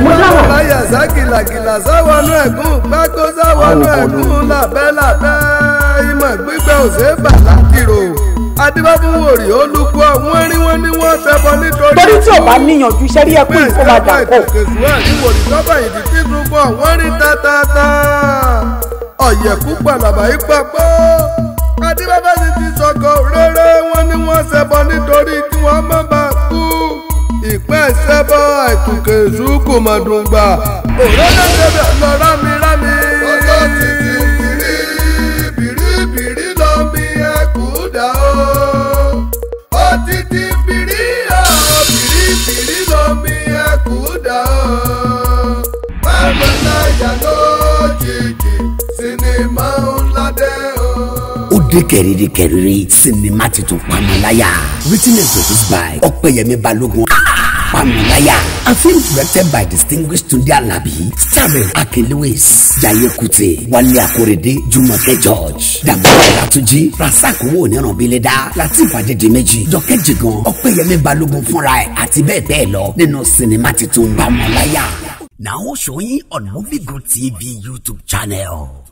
mo ah! dáwọ̀. báyà sá gìlàgìlà sáwọnú ẹ̀gún pákó sáwọnú ẹ̀gún làbẹ́ làbẹ́ ìmọ̀ gbígbẹ́ òṣè bàlá kìrò adébábùn wòrì olùkú ọ̀hún erin wọn ni wọ́n ṣẹbọ nítorí. torí tí ò bá níyànjú iṣẹ́ rí ẹkún ìfowópamọ́. bẹ́ẹ̀ ẹ̀ka ìtòkè sùúrù àti wòrì lọ́bà ìdí tí gbogbo ọ̀hún rí tátátá ọ̀yẹ̀kú pàlàbà yìí papọ̀ adébábá sì ti sọ̀kọ̀ rere wọn ni wọ́n ṣẹbọ nítorí tí wọ́n má bàa kú ìpẹ́ ìsẹ́bọ̀ àìtùkẹ́ ìṣúkù mọ̀dùngbà òré lẹ́sẹ̀bẹ̀ lọ rámi rámi. ọjọ́ ti di bìrí bìrí bìrí lómi ẹ̀kú dà ó. ó ti di bìrí ọ̀ bìrí bìrí lómi ẹ̀kú dà ó. bábẹ́ láyà lójijì sinimá ńlá dé o. ó dé kẹrìírí sinimá ti tún pa láyà. written and produced by ọpẹ́yẹmí balógun. Amunaya a film directed by distinguished Tunde Alabi starring Akin Lewis Jaiye Kuti Wale Akorede Jumoke George Dàgbàwá Ìlàtúnjí Rasak Owó Onírànbílẹ̀dá Latif Adédìméjì Jọkẹ́ Jìgan Ọpẹ́yẹmí Balógun fúnra ẹ̀ àti bẹ́ẹ̀ bẹ́ẹ̀ lọ nínú sinimá titun Amunaya. Now showing on Movie Good TV YouTube channel.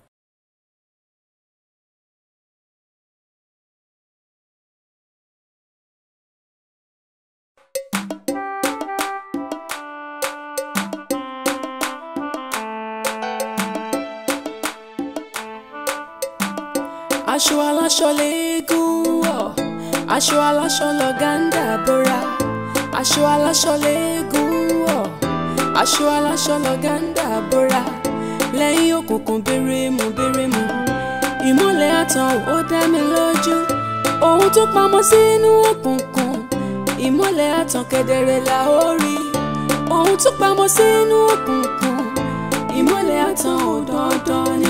aṣọ aláṣọ léegun wọ̀ aṣọ aláṣọ lọ̀gáńdà bora aṣọ aláṣọ léegun wọ̀ aṣọ aláṣọ lọ̀gáńdà bora lẹ́yìn òkùnkùn bérémù bérémù ìmọ́lẹ̀ àtàn ó dá mi lójú ohun tó pamọ́ sínú òkùnkùn ìmọ́lẹ̀ àtàn kedere la ó rí ohun tó pamọ́ sínú òkùnkùn ìmọ́lẹ̀ àtàn ò dandan ni.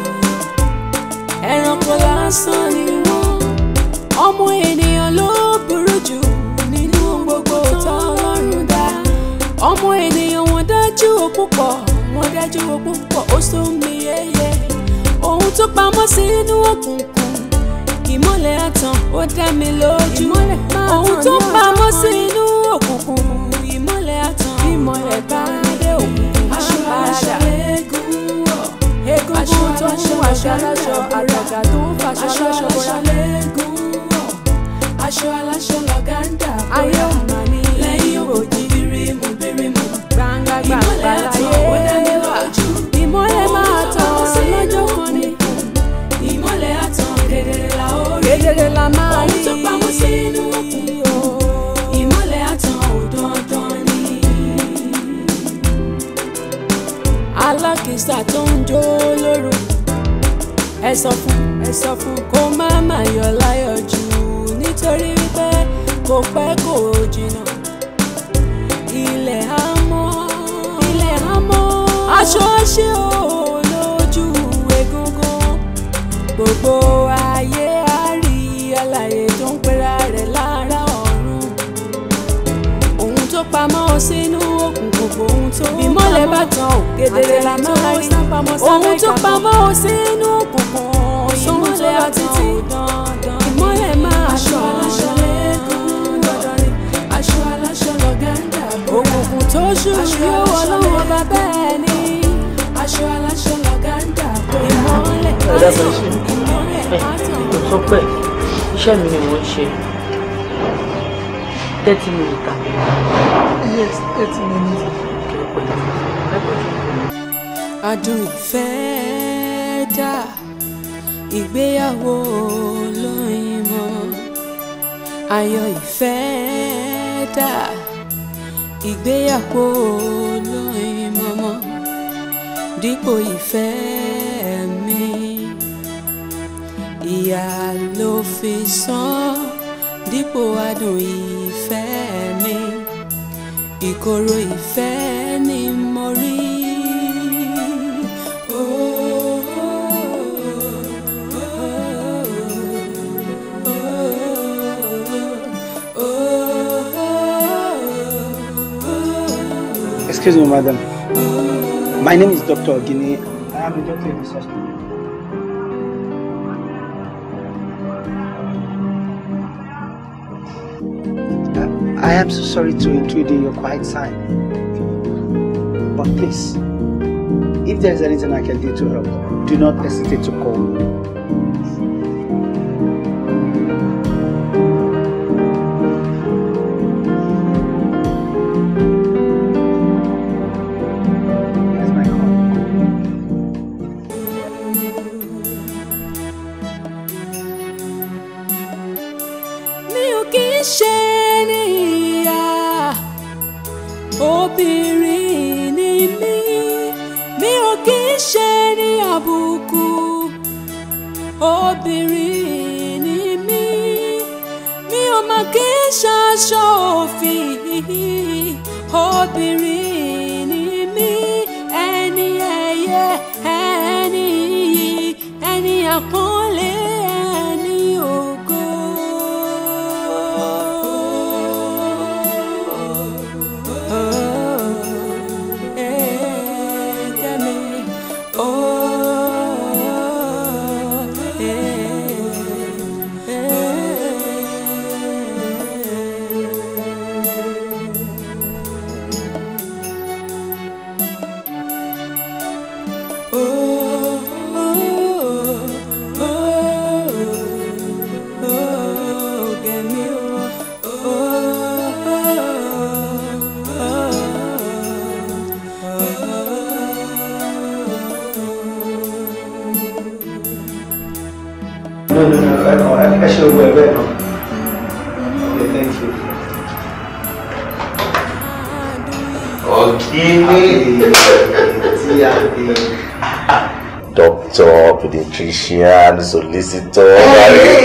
ẹranko lásán ni wọ́n ọmọ ènìyàn ló burú jù nínú gbogbo tọ́lọ́run dá ọmọ ènìyàn wọ́n dájú púpọ̀ wọ́n dájú púpọ̀ ó sún mi yẹyẹ ohun tó pamọ́ sínú òkùnkùn ìmọ́lẹ̀ àtàn ó dá mi lójú ohun tó pamọ́ sínú òkùnkùn ìmọ́lẹ̀ àtàn ìmọ́lẹ̀ bá tó ń fún aṣọ aláṣọ àràjà tó ń fàṣọ aláṣọ bọ́ra. aṣọ aláṣọ lẹ́gùn aṣọ aláṣọ lọ́gá ń dà bọ́ra. ayé òun mà ní lẹ́yìn òjì bírímù bírímù. gbangba gbangba láyé ìmọ̀lẹ̀ máa tàn lọ́jọ́ kan ni. ìmọ̀lẹ̀ àtàn kedere la ó rí. kedere la máa rí. ohun tó pamọ́ sínú òkun. ìmọ̀lẹ̀ àtàn ò dandan ni. alákìsà tó ń jó lóru ẹ sọ fún ẹ sọ fún kó má má yọ̀ láyọ̀ jù nítorí wípé kò pẹ́ kò jìnnà ilẹ̀ á mọ́ ilẹ̀ á mọ́ aṣọ ṣe ò lójú egungun gbogbo ayé á rí alàyè tó ń pera rẹ̀ lára ọ̀run ohun tó pamọ́ sínú òkùnkùn kò ohun tó bí mọ́lẹ̀ bá tàn ò kedere la máa rí ohun tó pamọ́ sínú tó lọ títí ìmọ́lẹ̀ máa ṣọ́ aṣọ aláṣọ lọ́gá ń dàbọ̀ òkùnkùn tó ṣù yóò wọ lọ́wọ́ bàbá ẹ̀ ní aṣọ aláṣọ lọ́gá ń dàbọ̀ ìmọ́lẹ̀ àtọ̀ ìmọ́lẹ̀ àtọ̀. tó pẹ́ iṣẹ́ mi ni mo ń ṣe thirty minutes tàbí. yes thirty minutes. adùn ìfẹ́ ìgbéyàwó olóyin mọ́ ayọ̀ ìfẹ́ dà ìgbéyàwó olóyin mọ́mọ́ dípò ìfẹ́ mi ìyà ló fi sán dípò adùn ìfẹ́ mi ìkorò ìfẹ́ mi. Excuse me, madam. My name is Dr. Ogini. I am a doctor in this hospital. Uh, I am so sorry to intrude in your quiet time. But please, if there is anything I can do to help, do not hesitate to call me. official solicitor.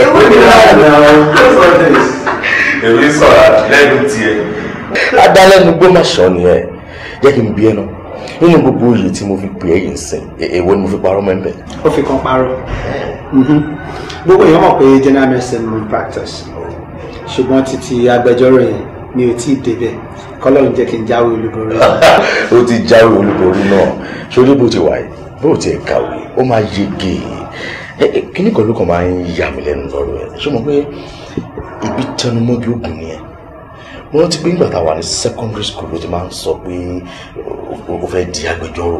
ewu ni wàá nà ó You sọ̀rọ̀ lẹ́nu tiẹ̀. adalẹ́nu gbọ́mọ̀ṣọ́ ni ẹ jẹ́ kí n bí ẹnu nínú gbogbo oyè tí mo fi pè é yìí ń sìn e-, èwo ni mo fi parọ́ mẹ́mbẹ́. ó fi kan parọ́ mm-hmm. gbogbo èèyàn mọ̀ pé general medicine malpractice ṣùgbọ́n títí agbẹjọ́rò yẹn mi ò tí ì débẹ̀ kọ́lọ́run jẹ́ kí n jáwé olúborí. ó ti jáwé olúborí náà sórí bó ti wà yìí bó ti kàwé ó máa yege yìí kíní kan ló kàn máa ń yà mí lẹ́nu lọ́rọ̀ ẹ̀ ṣé mo pé ibi tẹnumọ́ bí oògùn ni ẹ̀ mo rántí pé nígbà tá a wà ní secondary school ló ti máa ń sọ pé o fẹ́ di agbẹjọ́rò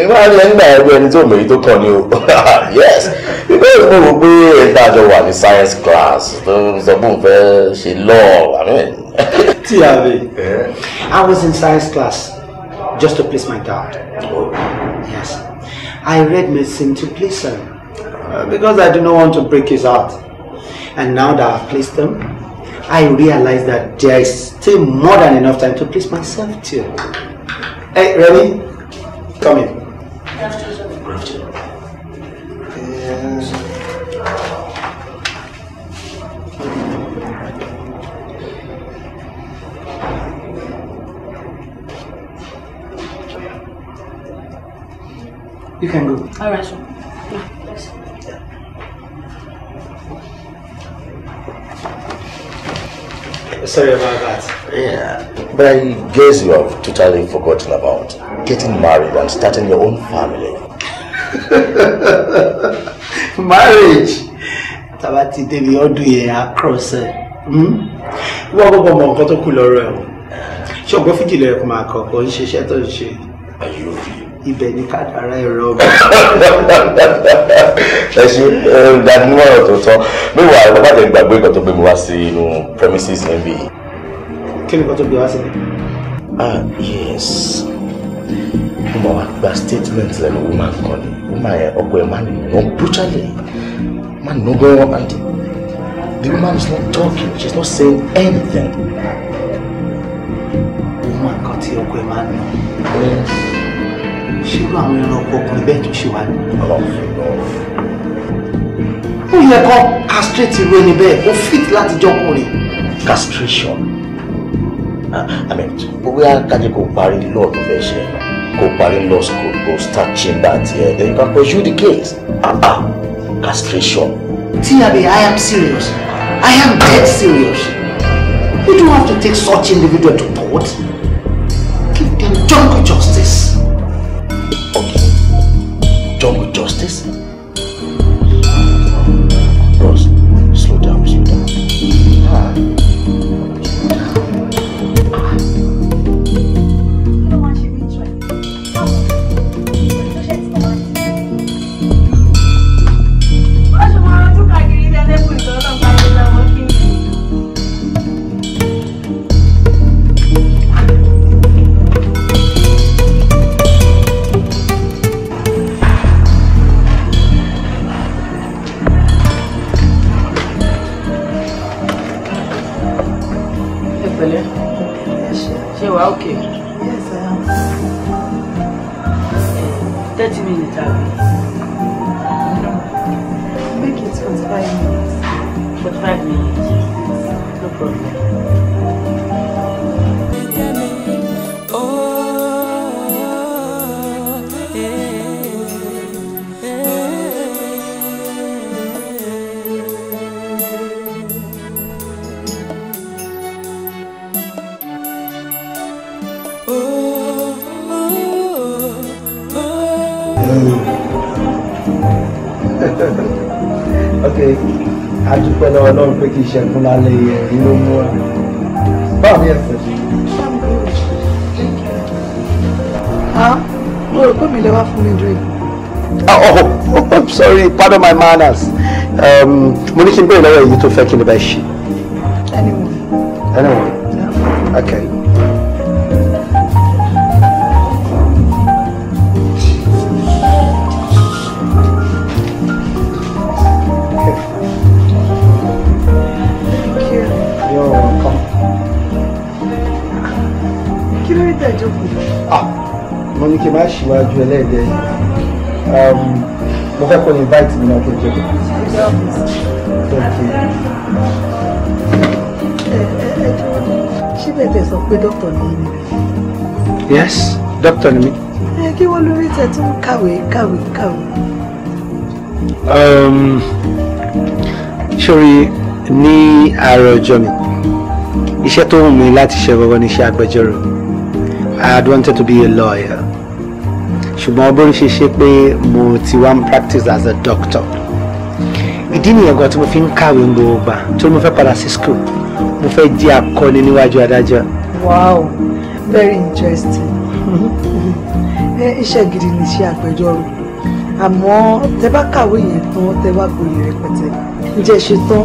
èmi máa ń lẹ́ nígbà ẹ̀rọ ẹni tó mèyí tó kàn ní o yes ìgbà èyí mo rò pé ẹ̀ta àjọ wà ní science class tó ń sọ pé òun fẹ́ ṣe law amen. tí a lè. I was in science class just to please my dad. Oh. Yes. I read medicine to please him. Uh, because I do not want to break his heart. And now that I've pleased him, I realize that there is still more than enough time to please myself too. Hey, Remy, come here. You can go. All right, Sorry about that. Yeah. But I guess you have totally forgotten about getting married and starting your own family. Marriage? Tabati Devi ọdún yẹn across ẹ̀. Hmm? Wọ́n gbọ́dọ̀ mọ nǹkan tó kù lọ́rọ̀ ẹ̀ o. Ṣé ọgbọ́n fìjìlẹ̀ ẹ̀kọ́ máa Are you ibẹ̀ ni kádàrá ẹ̀rọ ọ̀gbìn. ẹ ṣe ìdánimọ̀ràn tó tọ́ mẹ́wàá ẹ̀rọ bá jẹ́ gbàgbé ìkan tó gbé mi wá sí inú premises níbí. kí ni ìkan tó gbé wá sí mi. ah yes mo máa wá gba statement lẹ́nu woman kan ni woman yẹn ọkọ ẹ̀ máa ń nù brutally máa ń nù gan and the woman is not talking she is not saying anything. woman kan tí ọkọ ẹ̀ máa ń nù ṣírú àwọn ẹranko ọkùnrin bẹ́ẹ̀ tó ṣe wá ní. ó yẹ kó castrate irú ẹni bẹ́ẹ̀ ó fit láti jọkùnrin. castration ah, i mean bóyá kájẹ kò parí law tó fẹ́ ṣe kò parí law school kò start chamber àti ẹ̀ then you can pursue the case ah ah castration. tiabe i am serious i am dead serious you don't have to take such individual to court give them junk junk. Double justice? kì í ṣẹ̀kún lálẹ́ yẹ èyí ló mú wa báwo ni ẹsẹ̀. mo rò pé mi lè wá fún mi drink. oh i'm oh, oh, oh, sorry pardon my manners um, mo ní kí n béèrè lọ́wọ́ èyí tó fẹ́ kí ni bá ṣe. anyone. anyone. okay. síwájú ẹlẹ́gbẹ́ um, mo fẹ́ kó invite mi náà kí n sọ pé dókítà ni mi. yes dókítà ni mi. ẹ kí wọ́n lórí tẹ̀ tún kàwé kàwé kàwé. Um, sórí ní àárọ̀ ọjọ́ mi iṣẹ́ tó wù mí láti ṣe gbọ́gbọ́ ní iṣẹ́ agbẹjọ́rò I had wanted to be a lawyer ṣùgbọ́n bórí ṣe ṣe pé mo ti wá ń practice as a doctor ìdí nìyẹn gan tí mo fi ń kàwé ń gbogbo gbà torí mo fẹ́ padà sí school mo fẹ́ jẹ́ akọni níwájú adájọ́. wow very interesting iṣẹ́ gidi ni iṣẹ́ agbẹjọ́rò àmọ́ tẹ bá kàwé yẹn tán tẹ bá gboyè rẹpẹtẹ ǹjẹ́ ṣe tán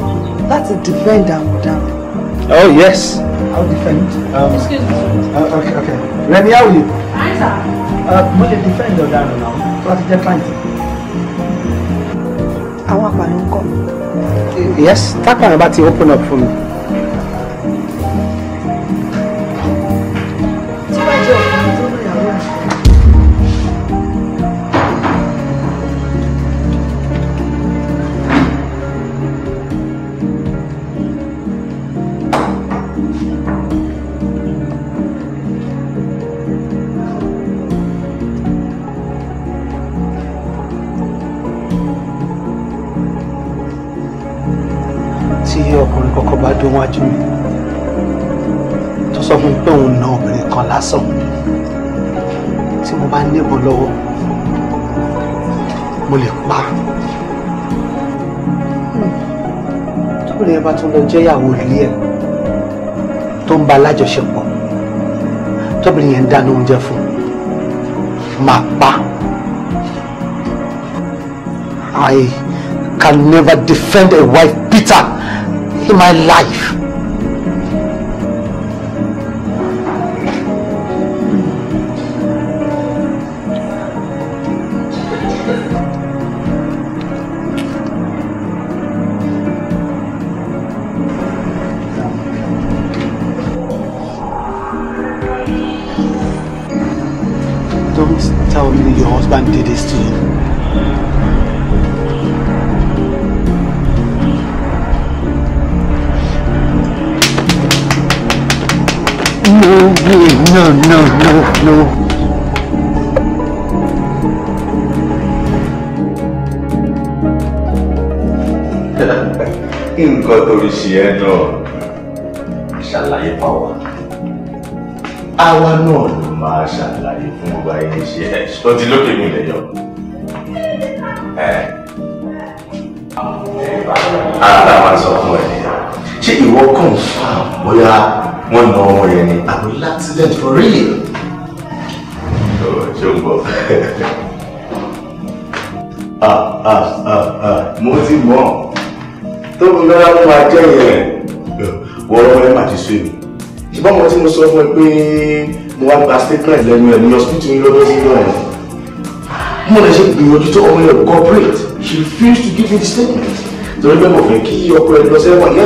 láti defend àwọn ọ̀daràn. oh yes i will defend. Um, excuse me. Uh, okay okay remi how are you. Answer mo lè defend ọ̀daràn náà tó bá ti jẹ́ client. àwọn apààyàn ń kọ́. yes tápààyàn bá ti open up fún mi. yẹn bá tún lọ jẹ́yàwó ilé ẹ̀ tó ń ba alájọṣepọ̀ tóbìnrin yẹn ń dáná oúnjẹ fún máa pa I can never defend a wife Peter in my life. tó ti lókè mi lẹ́yọ. ara máa sọ fún ẹ ṣé ìwọ kàn fà bóyá wọn na ọmọ yẹn ni àbí accident for real. Oh, ṣé o ń bọ̀? Ah, ah, ah, mo ti mọ̀ tó ń lọ́la ló máa jẹ́ yẹn wọ́n ọmọ yẹn máa ti sọ èmi ṣùgbọ́n mo ti mo sọ fún ẹ pé mo wá gba statement lẹ́nu ẹ̀ ní hospital ní lọ́dọ́ sí lọ́yẹ̀ mo lè ṣe ìgbìyànjú tó ọmọ yẹn she refused to give me the statement torí pé mo fẹ́ kí ọkọ ẹ lọ sẹ́wọ̀n ní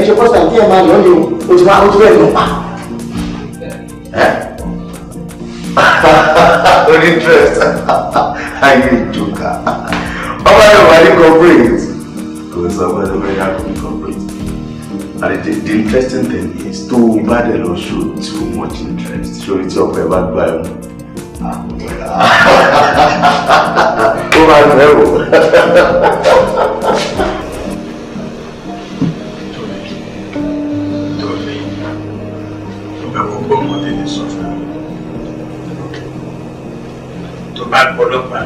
ẹ̀yọ́ kò first time kí ẹ máa yọ̀ ni o ti máa ń tó bẹ́ẹ̀ lọ pa. orí interest ayé ìjòkà ọmọ yẹn wà ní cooperate kò and the, the interesting thing is tó o bá dẹ̀ show too much interest Show tí ọkọ ẹ bá gbà ó máa rẹ̀ o. tó bá gbọ́dọ̀ pa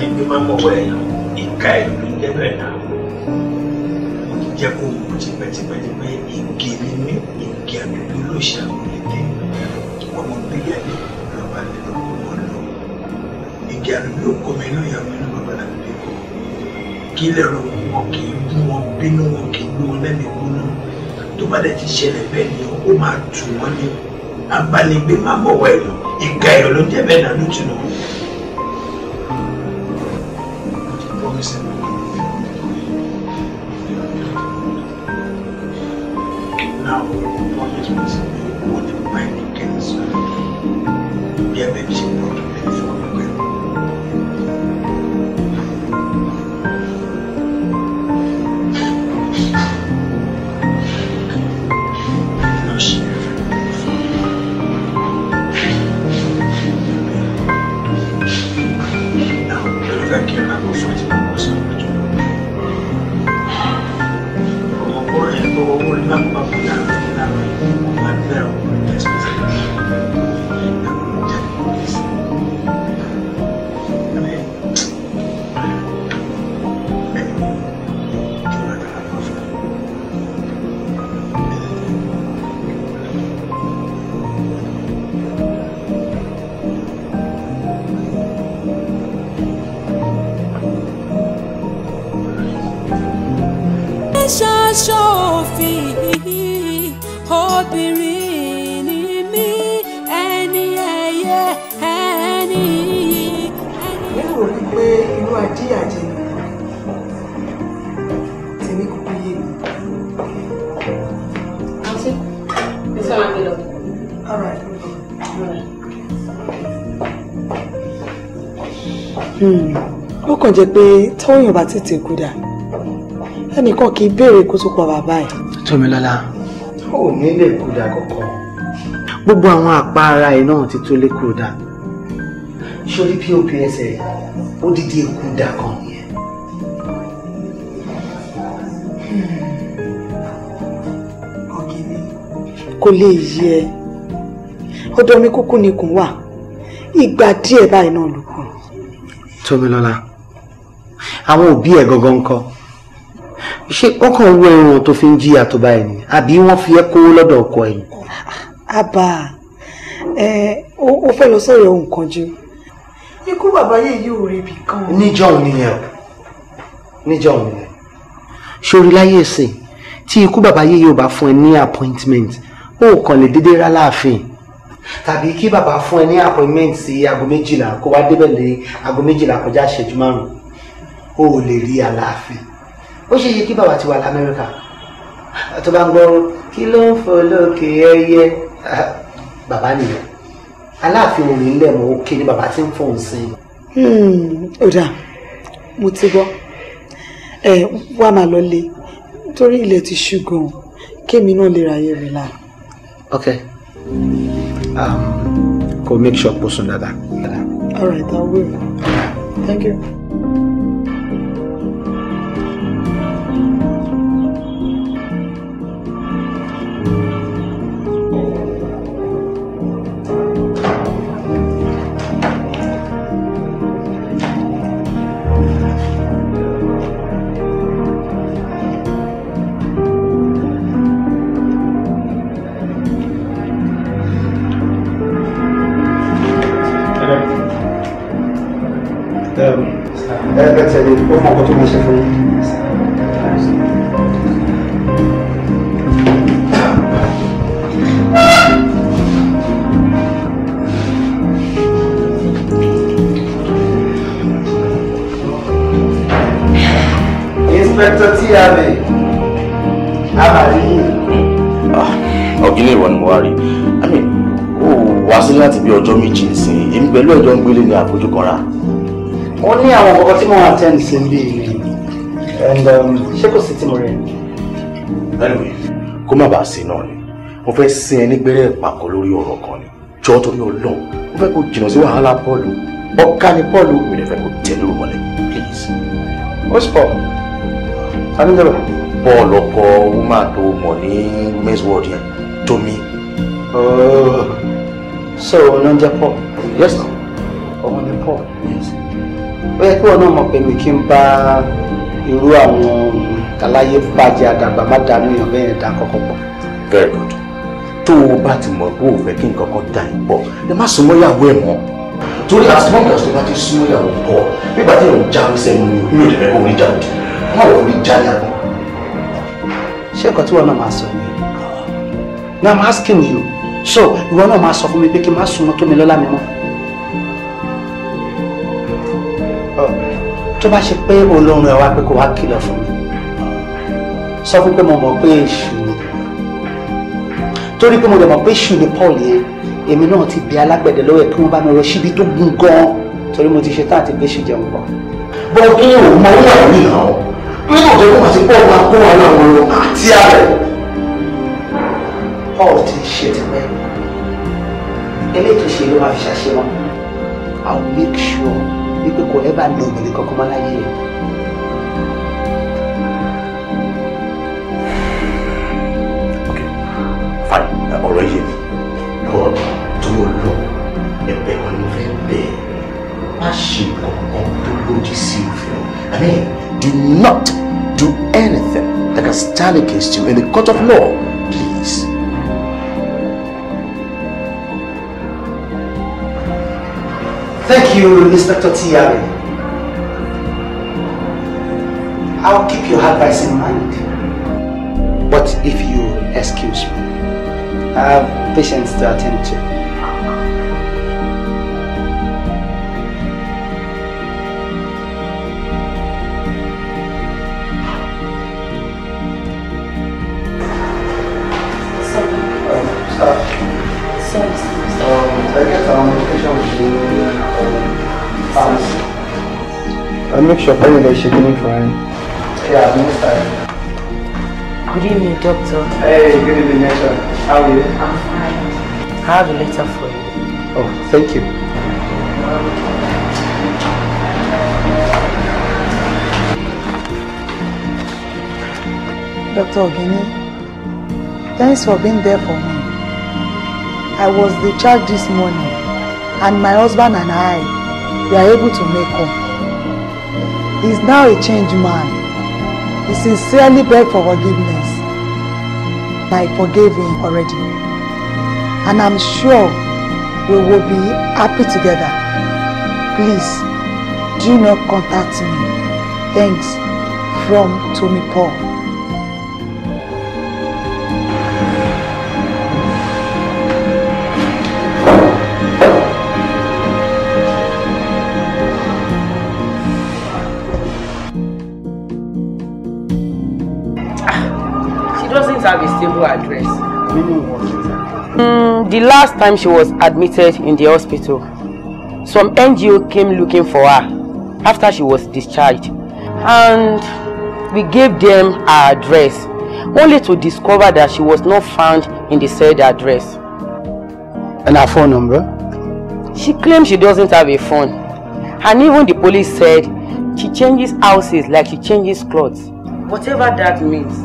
ti gbé máa ń mọ̀wọ́ ẹ̀ náà ìka ẹ̀ ló ń jẹ́ bẹ́ẹ̀ náà mo ti jẹ́ kó mú tipẹ́tipẹ́tipẹ́ igi ni mí igi àdúgbò ló ṣe àwọn èdè ọmọ bíyà ni bàbá mi ló kó wọn lọ igi àdúgbò kọ́ mi ló yà mí ló bàbá mi ló kọ́ kí lẹ́rọ wọn kì í bú wọn bínú wọn kì í gbé wọn lẹ́nu ìgbóná tó bá dẹ̀ ti ṣẹlẹ̀ bẹ́ẹ̀ ni ó máa tù wọ́n ní abánigbé máa mọ̀wọ́ ẹ̀ lọ ìka ẹ̀ ló ń jẹ́ bẹ́ẹ̀ náà ló tún lọ. kàn jẹ́ pé táwọn èèyàn bá tètè kú dà ẹnìkan kì í béèrè kó tó pa bàbá ẹ̀. tómilọ́lá ò ní lè kú dà kankan gbogbo àwọn àpá ara ẹ̀ náà ti tó lè kú dà sórí pop ẹsẹ̀ ó dídí èkú dà kan yẹn. kò lè yí ẹ ọ̀dọ̀ mi kúkú ni kùn wà ìgbà díẹ̀ báyìí náà ló kù. tómilọ́lá àwọn òbí ẹ̀ gangan ńkọ́ ṣé ó kàn wọ ẹran tó fi ń jìyà tó báyìí ni àbí wọ́n fi ẹ́ kówó lọ́dọ̀ ọkọ ẹ̀ ni. àbá ẹ ó fẹ́ lọ sọ̀rọ̀ ohun kan jù ikú bàbá yìí yóò rebi kan. níjọ́ nìyẹn níjọ́ nìyẹn sórí láyé ẹsẹ tí ikú bàbá yéye ò bá fún ẹ ní appointment ó kàn lè dédé rá láàfin tàbí kí bàbá fún ẹ ní appointment sí aago méjìlá kó wá débẹ̀ lé aago méjìlá kọjá ìṣẹ́jú márùn-ún o ò lè rí aláàfin ó ṣe yẹ kí bàbá ti wà lamẹ́ríkà tó bá ń gbọ́ kí ló ń fò lókè ẹyẹ bàbá nìyẹn aláàfin òní ńlẹ̀ mọ́ ó kéde bàbá tí ń fòun sí i. ó dà mo ti gbọ́ ẹ wá máa lọ lé torí ilẹ̀ ti ṣú gan-an kémi náà lè ráyè rìn là. ok um, go make sure kó sùn dáadáa. all right i will thank you. ní àbójúkanra. ó ní àwọn ọkọ tí mo wà tẹ́ ní sí bí mi and um, ṣé kò sí tí mo rẹ̀. anyway kó má bàa sí náà ni mo fẹ́ sin ẹni gbẹ́rẹ́ ìpàkọ́ lórí ọ̀rọ̀ kan ni jọ́ torí ọlọ́run mo fẹ́ kó jìnnà sí wàhálà pọ́ọ̀lù ọ̀ka ni pọ́ọ̀lù mi lè fẹ́ kó tẹ̀ lórí wọlé please. ó sì pọ̀ adéjọba. bọ́ọ̀lù ọkọ wúmà tó mọ̀ ní miss world yẹn tómi. Oh, so ló ń jẹ́ pọ̀. yes sir púpọ̀ ó yẹ kí wọn náà mọ̀ pé mi kí n bá irú àwọn kàláyé bàjẹ́ àdàgbà má dànù èèyàn bẹ́ẹ̀ dá kọ́kọ́ pọ̀. very good tó o bá ti mọ̀ pé o fẹ́ kí nǹkan kan dà yín pọ̀ ẹ má sún mọ́ ìyàwó ẹ̀ mọ́ torí as long as tó bá ti sún mọ́ ìyàwó pọ̀ nígbà tí èèyàn jáwé sẹ́nu mi mi ò lè fẹ́ kó orí jáde má wọ orí jáde àná. ṣé ẹ̀kọ́ tí wọn náà máa sọ ni now i'm asking you so ìwọ náà máa sọ fún mi pé kí n má sún mọ́ tó mi lọ́lá mi mọ́. tó bá ṣe pé olórun ẹ wá pé kó wá kìlọ̀ fún mi sọ fún pé mo mọ̀ pé èṣù ni torí pé mo lè mọ̀ pé èṣù ni Paul yẹn èmi náà ti bí alágbẹ̀dẹ lọ́wọ́ ẹ̀ kí wọ́n bá mi rọ síbi tó gún gan torí mo ti ṣe tá àti gbé ṣe jẹun pọ̀. bọ́ọ̀ kí ni òun mọ owó àwọn ènìyàn nínú ọ̀jọ̀ kó àti Paul máa kó àwọn àwọn ọ̀rọ̀ àti ààrẹ. Paul ti ṣe ti pẹ́ eléyìí tó ṣe ló máa fi ṣàṣe wọn I will make sure wípé kò ẹ́bà ní obìnrin kankan mọ́ láyé ẹ̀. ok fine ọ̀rọ̀ yé mi lọ́wọ́ tó lọ ẹ̀bẹ̀ kan ló fẹ́ bẹ́ẹ̀ má ṣe kankan tó lòdì sí òfin I mean do not do anything that can stand against you in the court of law. Thank you, Inspector Tiare. I'll keep your advice in mind. But if you excuse me, I have patients to attend to. and make sure Penny is shaking it fine. Yeah, I'm inside. Good evening, doctor. Hey, good evening, Nature. How are you? I'm fine. I have a letter for you. Oh, thank you. Dr. Ogini, thanks for being there for me. I was discharged this morning and my husband and I were able to make home. He is now a changed man. He sincerely begged for forgiveness. I forgave him already. And I'm sure we will be happy together. Please, do not contact me. Thanks from Tommy Paul. the last time she was admitted in the hospital, some NGO came looking for her after she was discharged and we gave them her address only to discover that she was not found in the said address. And her phone number? She claims she doesn't have a phone and even the police said she changes houses like she changes clothes. Whatever that means.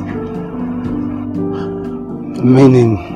Meaning?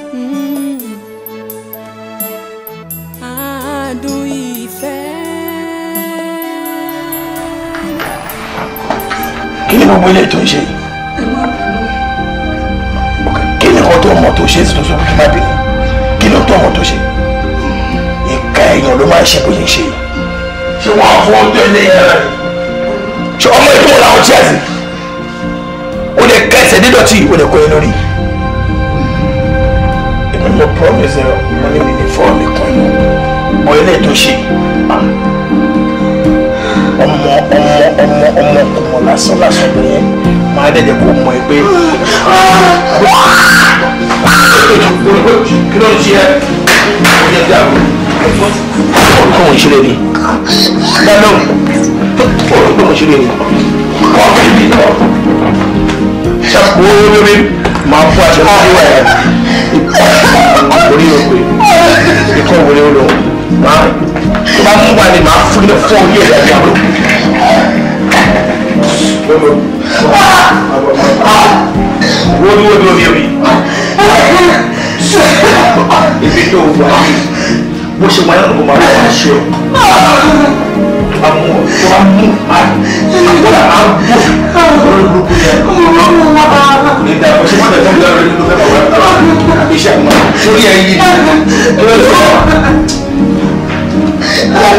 gbogbo ilé tó ń ṣe yìí kí ni kan tó mọ tó ṣe tó sọ fún bábí kí ló tó mọ tó ṣe ìka èèyàn ló máa ń ṣe bó ṣe ń ṣe yìí ṣé wọn á fọwọ́ tó ilé yẹn rẹ ṣé ọmọ ìdúró làwọn tí a sì o lè kẹsẹ̀ dídọ̀tí o lè kọ́ ẹ lórí èmi mo promise ẹ mo ní mi ní fọ́ọ̀mù kan yìí mo ilé tó ṣe ọmọ ọmọ ọmọ ọmọ lásán lásán bẹ́ẹ̀ máa dẹ̀jẹ̀ kó mọ̀ ẹ́ pé. kí ló ń ṣe ẹ́ kó jẹ́ bí àbúrò. ọ̀rọ̀ òun ìṣeré ni dáná ọ̀rọ̀ òun ìṣeré ni ọ̀rọ̀ ìbí náà ṣàpò lórí máa fún aṣọ tó wà ẹ̀ orí òpè ikọ̀ wọlé olóhùn máa tó bá mú wa ni màá fún ní fún orí ẹ̀ dájú àbúrò. wo ni wo ni omi omi ibi tó wà ní bó ṣe wáyé ọ̀nà kó máa wà ṣe ọ́ tó bá mú ọ tó bá mú àgbọ̀dà á bò lórí burúkú yẹn ní ìdá ìbọn ṣe wọ́n tẹ̀sán ìdá rẹ̀ nínú fẹ́ẹ́ bọ̀ wá iṣẹ́ àgbọ̀n sórí ẹ̀yìn ni. Ẹjọ́!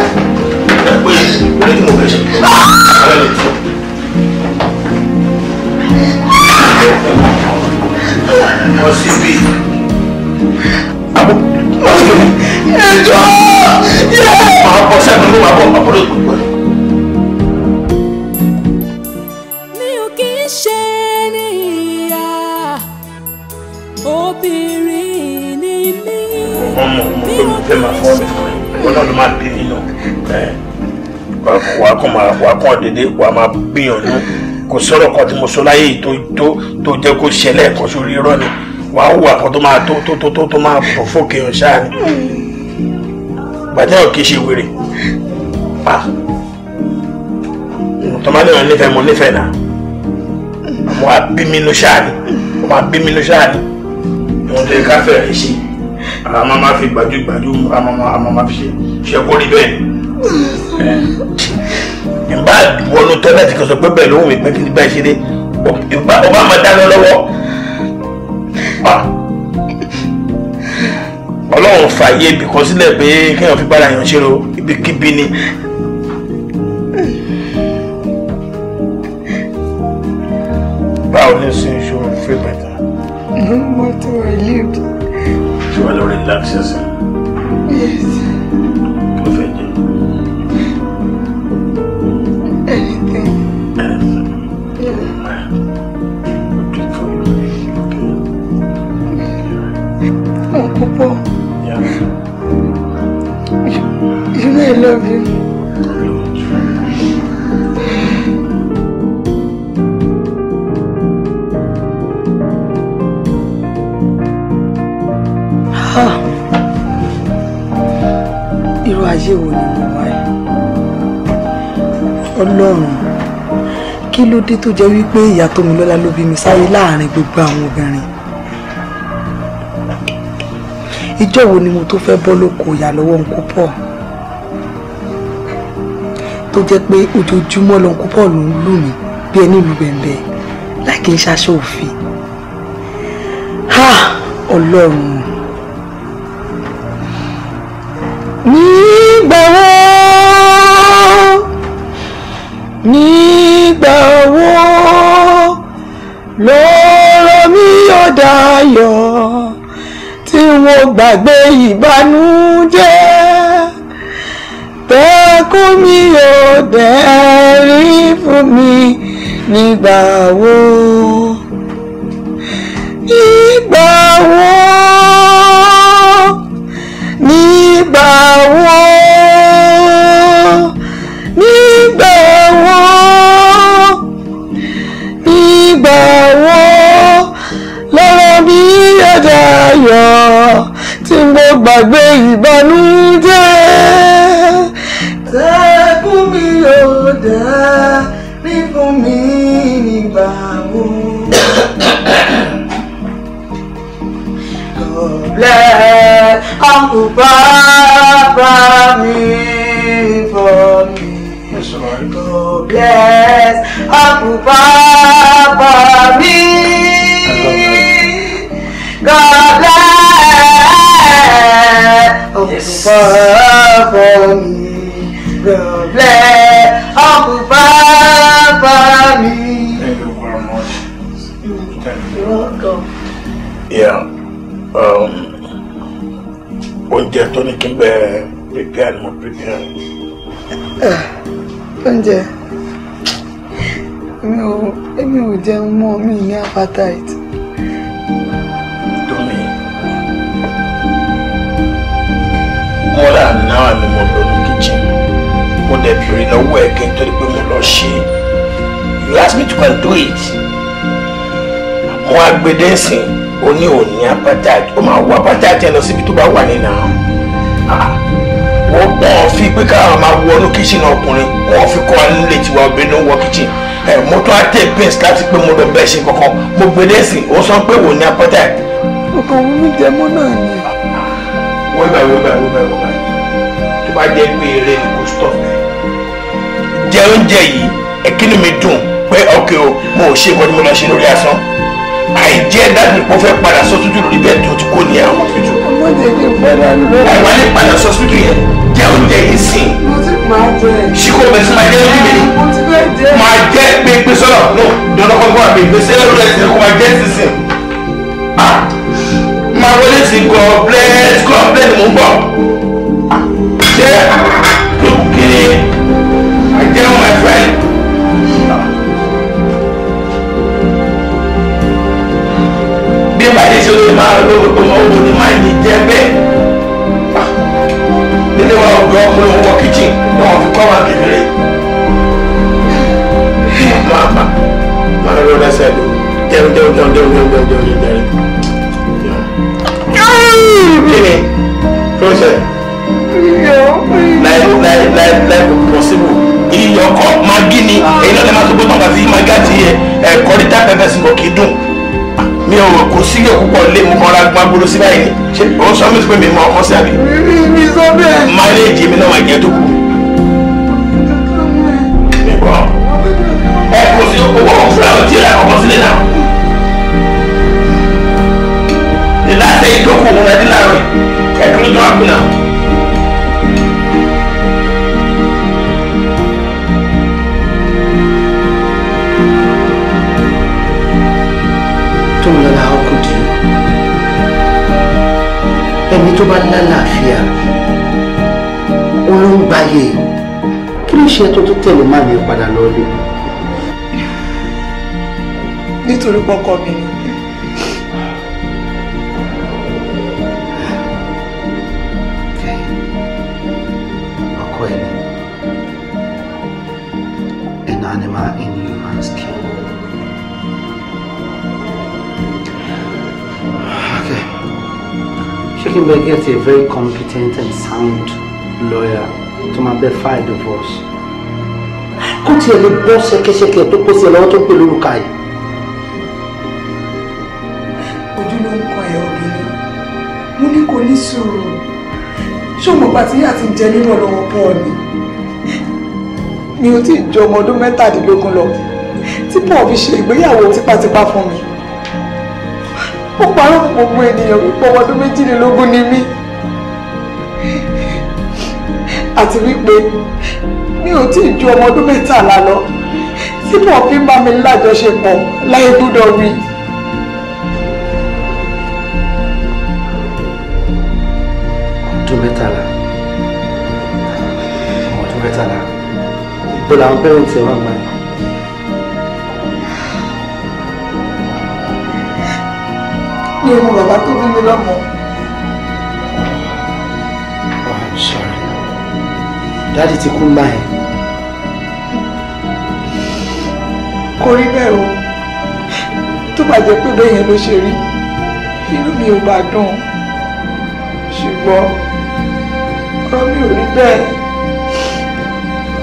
Máa bọ̀ sẹ́nu ló máa bọ̀, àbúrò ìpínlẹ̀. kàn máa wà kàn déédéé wà máa gbìyànjú kò sọ̀rọ̀ kan tí mo sọ láyé yìí tó tó tó jẹ́ kó ṣẹlẹ̀ kan sórí irọ́ ni wàá wù àkọ́ tó máa tó tó tó tó máa pọ̀ fókè hàn ṣáà ni gbàtẹ́ ò kìí ṣe wèrè pa tọ́mọdé wọn nífẹ̀ẹ́ mo nífẹ̀ẹ́ náà mo máa bí mi ló ṣáà ni mo máa bí mi ló ṣáà ni ìwọ̀n tó yẹ ká fẹ̀rẹ̀ ṣe àwọn máa fi gbàjú gbàjú máa fi ṣe ṣe kórìí bẹ́ẹ̀ ni wọnú tọ́lẹ́tì kan sọ pé bẹ́ẹ̀ lóhùn mi pé kí ni bá ṣe dé ọba máa dáná lọ́wọ́ ah. ọlọ́run fààyè ibìkan sílẹ̀ pé kéèyàn fi bára yàn ṣe ro ibikíbi ni jẹ́ wípé ìyá Tómilọ́lá ló bí mi sáyé láàrin gbogbo àwọn obìnrin ìjọ́ wo ni mo tó fẹ́ bọ́ lóko ìyá lọ́wọ́ ń kó pọ̀ tó jẹ́ pé ojoojúmọ́ ló ń kó pọ̀ ló ń lù mí bí ẹni ìlú bẹ̀m̀bẹ̀ láì kí n ṣaṣọ òfin ọlọ́run nígbà wo ní. gbàgbé ìbànújẹ́ tẹ́kùn mi ò dẹ́rìn fún mi nígbà wo. Uncle Bafani. Thank you very much. You're welcome. Yeah. Um, oúnjẹ tó ní kí n bẹ prepare mo prepare. Ah, oúnjẹ èmi ò èmi ò jẹun mọ́ mi ní appetite. Tony. more than now ni mo lò mo dẹ̀ bèrè lọ́wọ́ ẹ̀ kí n tó di pé mo you ask me to go and do it mo wá gbé dẹ́sìn Only ní òní apartheid ó máa wọ apartheid yẹn lọ síbi tó bá wà nínú àwọn ah, wọ́n wọ́n fi pé káwọn máa wọnú kíchìn ọkùnrin wọ́n fi kọ́ ẹnu lè tiwa obìnrin ló wọ kíchìn ẹ̀ eh, mo tún á tẹ̀ pins láti pé mo lọ bẹ́ẹ̀ ṣe kankan mo gbé dẹ́sìn ó sọ pé òní apartheid. ọkọ òun mi jẹ mọ náà ni. Ah, ah, wọ́n bá wait, wait, wọ́n bá wọ́n bá tó bá jẹ́ pé eré stop jẹ oúnjẹ yìí ẹ̀kínú mi dùn pé ọkẹ́ o mo ò ṣe nǹkan tí mo lọ ṣe lórí asán àìjẹ́ dájú pé ó fẹ́ padà sọ́sítù lórí bẹ́ẹ̀ tó ti kó ní àwọn ọ̀fíìtù. àìwá lè padà sọ́sítù yẹn jẹ oúnjẹ yìí sìn. ṣíkò bẹ̀rẹ̀ sí máa jẹ́ lórí mi máa jẹ́ pé pé sọ́nà ló dọ́dọ́ kọ́ fún àmì ìgbésẹ̀ lórí ẹ̀sìn kó máa jẹ́ sísìn. Ah, máa wọlé sí god bless god bọ̀. Ah, ṣé máa lo ọmọ owó ní máì ní jẹ bẹ́ẹ̀. nílé ah, wa ọ̀dọ́ ọkùnrin òun wọ kíchìn náà wọ́n fi kọ́ wa kékeré. máa bá máa lọ lẹ́sẹ̀ lò jẹun jẹun jẹun jẹun jẹun jẹun jẹun jẹun jẹun. kí ni ṣe. láì láì láì láì possible iyọ̀ kọ́ magi ni èyí náà lè máa tó gbọ́dọ̀ àti magi àti ẹ̀kọ́ rí tá pẹ́pẹ́ sí mo kì í dùn mi ò kò sílẹ̀ púpọ̀ lé mu kọ́ra gbọ́n bolo sí báyìí ṣe ò sọ mi pé mi mọ ọmọ sí àbí. mi mi sọ bẹ́ẹ̀. máléèjì mi náà máa jẹ́ tó kù. mi bọ̀ ẹ kò sí owó fúlà ọtí rẹ ọmọ sílẹ̀ náà. ìlànà ìdókòwò rẹ nílànà ẹ̀ tó ń lọ́la ọkọ̀ dìlú ẹni tó bá lálàáfíà olóńgbáyé kí ló ṣe tó tó tẹ̀lé má mi padà lọ́ọ́lé. nítorí pọ́kọ mi ni tí mo get a very competent and sound lawyer tó máa bẹ file divorce kó tiẹ̀ lè bọ́ ṣẹkẹṣẹkẹ tó kó sí ẹ lọ́wọ́ tó pè lórúkà yìí. ojú ló ń kan ẹ obìnrin mo ní kò ní sùúrù ṣé o mọ̀ pàtí yà ti jẹ nínú ọlọ́wọ́ paul ni mi ò tí ì ju ọmọ ọdún mẹ́tàdínlógún lọ tí paul fi ṣe ìgbéyàwó tipátipá fún mi ó parọ́ fún gbogbo ènìyàn wípé ọmọ ọdún méjìlélógún ni mí àti wípé mi ò tí ì ju ọmọ ọdún mẹ́tàlá lọ tí mo fi ń bá mi lájọṣepọ̀ láì gbúdọ̀ wí. ọdún mẹ́tàlá ọdún mẹ́tàlá bó làwọn pẹ́rẹ́ǹtì ẹ̀ wá gbà yìí. ní ẹmu bàbá tó bí mi lọ́mọ. Oh, I'm sorry dáàdi ti kú máa ẹ̀. kò rí bẹ́ẹ̀ o tó bá jẹ́ pé bẹ́ẹ̀ yẹn ló ṣe rí inú mi ò bá dùn ṣùgbọ́n ọ̀rọ̀ mi ò rí bẹ́ẹ̀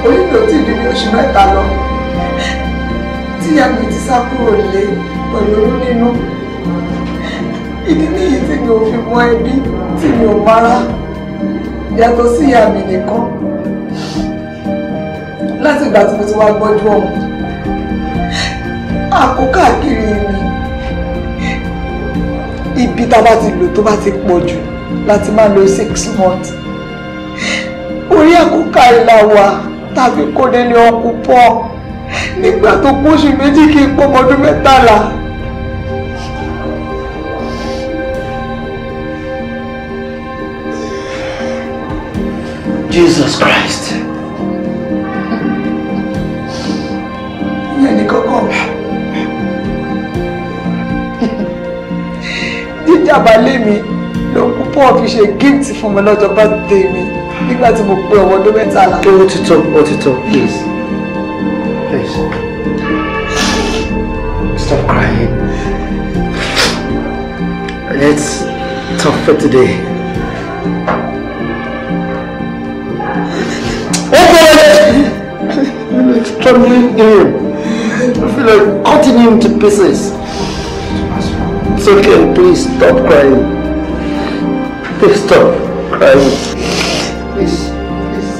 oyún ló ti di bí oṣù mẹ́ta lọ tíyàwó ti sá kúrò lé pẹ̀lú oyún nínú ìdí nìyí tí mi ò fi mọ ẹbí tí mi ò mara yàtọ̀ sí ìyá mi nìkan láti ìgbà tí mo ti wá gbọ́jú ọ̀hún àkó káàkiri mi ibi tá a bá ti lò tó bá ti pọ̀ jù láti máa lo six months orí àkókò ìlà wa tàbí kó délé ọkùn pọ̀ nígbà tó pọ̀ṣù méjì kí n pọ́ ọmọdún mẹ́tàlá. Jesus Christ. Yẹnì kọ́kọ́ wà. Jíjàmbá lé mi ló kú Paul fi ṣe gift fún mi lọ́jọ́ birthday mi nígbà tí mo pé ọmọ ọdún mẹ́tàlá. Ṣé ó ti tó ó ti tó please please stop crying let's talk for today. I'm doing him. I feel like cutting him to pieces. It's okay, please stop crying. Please stop crying. Please. please.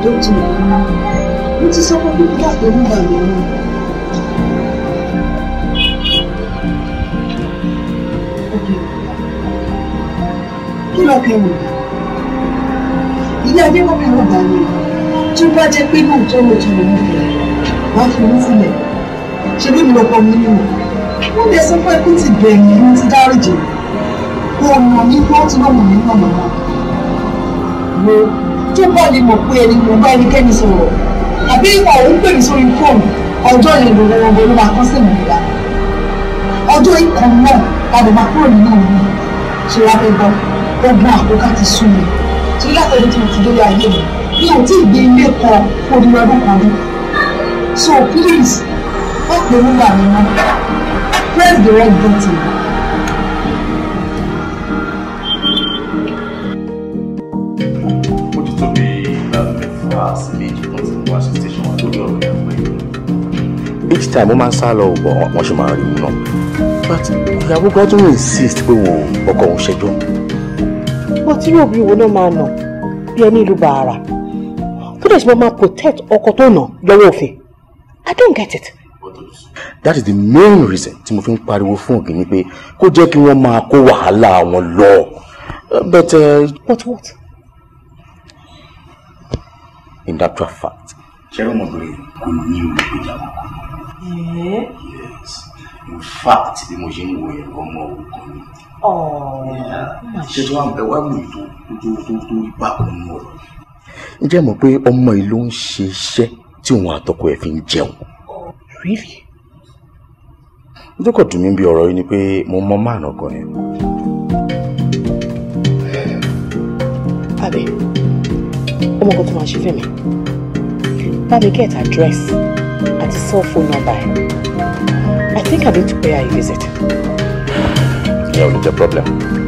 Don't you know? It is all about that, remember me. ní bàbá ẹ̀wọ̀n ilé ayé wọn bí wọn bá ní tí ó bá jẹ́ pé náà tó lọ jẹun nífẹ̀ẹ́ wàá fi mí sílẹ̀ ṣe bí mi lọ́kọ mi nínú wọ́n bẹ sọ pé kó ti bẹ̀rẹ̀ ní ti dáríjì kó o mọ̀ mí kó o tún mọ̀ mí náà wo tó bá lè mọ̀ pé ẹni mo bá ẹnikẹ́ni sọ̀rọ̀ àbí ìwà òun pè mí sórí fóònù ọjọ́ yẹn ló wọ́n wọ́n máa kọ́ sí mi nígbà ọjọ́ ìkànnì náà padà máa kúrò nínú mi ṣe wá fẹ́ gbọ́ ogun àkókò ti sú mi torí látọ̀dọ̀ tí mo ti dórí ayé mi mi ò tí ì gbé ilé kan fún odidi ọdún kan rí so please má pè nígbà mi mọ́ press the red button. each time wọ́n máa ń sá lọ ọ̀gbọ̀n wọ́n ṣe máa rí mu náà but ìyàwó gbọ́dọ̀ insist pé wọ́n ọkọ òun ṣẹjọ́ tí yóò bí owó náà máa nà bí ẹni ìlú bàárà tó dẹ̀ ṣe máa máa protect ọkọ tó nà lọ́wọ́ òfin I don't get it. That is the main reason tí mo fi ń pariwo fún ògì ni pé kó jẹ́ kí wọ́n máa kó wàhálà wọn lọ. But uh, but what? In that fact. Ṣé ọmọ obìnrin kò ní olùgbèjà kankan? Yes. In fact bí mo ṣe ń wo ẹ̀rọ ọmọ òkú kan ṣé tí wọ́n bẹ wá mú ìtò tó tó bá òun ọ̀rọ̀. ǹjẹ́ mọ̀ pé ọmọ yìí ń ṣe iṣẹ́ tí òun àtọkọ ẹ̀ fi ń jẹun. Really? n tó kọ̀ dùn mí bí ọ̀rọ̀ yìí ni pé mo mọ márùn ọkọ yẹn. Bàbá ọmọ kan tó máa ṣe fẹ́ mi bàbá get address àti cell phone number I think I need to pay her a visit solve the problem.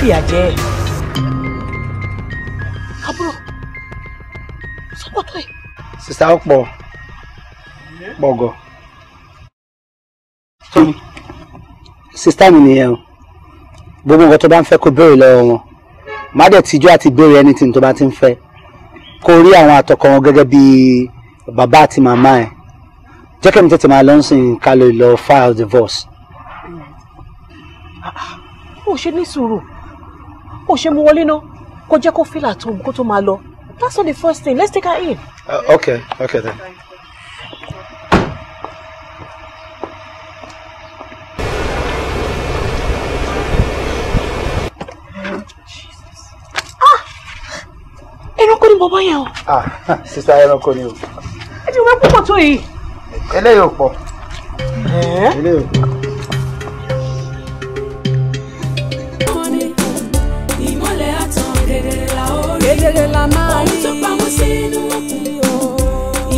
fìyà jẹ ẹ. àbúrò sọpọtọ ẹ. sísá ọ̀pọ̀ pọ̀gọ̀ sísá mi nìyẹn o gbogbo nǹkan tó bá ń fẹ́ kó béèrè lọ́wọ́ wọn má dẹ̀ tìjú àti béèrè anything tó bá ti ń fẹ́ kó rí àwọn àtọkọ wọn gẹ́gẹ́ bí bàbá àti màmá ẹ̀ jẹ́ kẹ́mi tètè máa lọ sìn ká lè file divorce. Ah, ah, ó ṣe ní sùúrù ó ṣe mú wọlé náà kó jẹ́ kó feel at kó tó máa lọ that's not the first thing let's take her in. Uh, okay okay then. Ah! ẹranko ni bọ̀bọ̀ yẹn o. ah sista ẹranko ni o. ẹ ti wọ́n púpọ̀ tó yìí. eléyìí ò pọ̀. eléyìí ò pọ̀. kedere la máa rí. ohun tó pamọ́ sínú òkun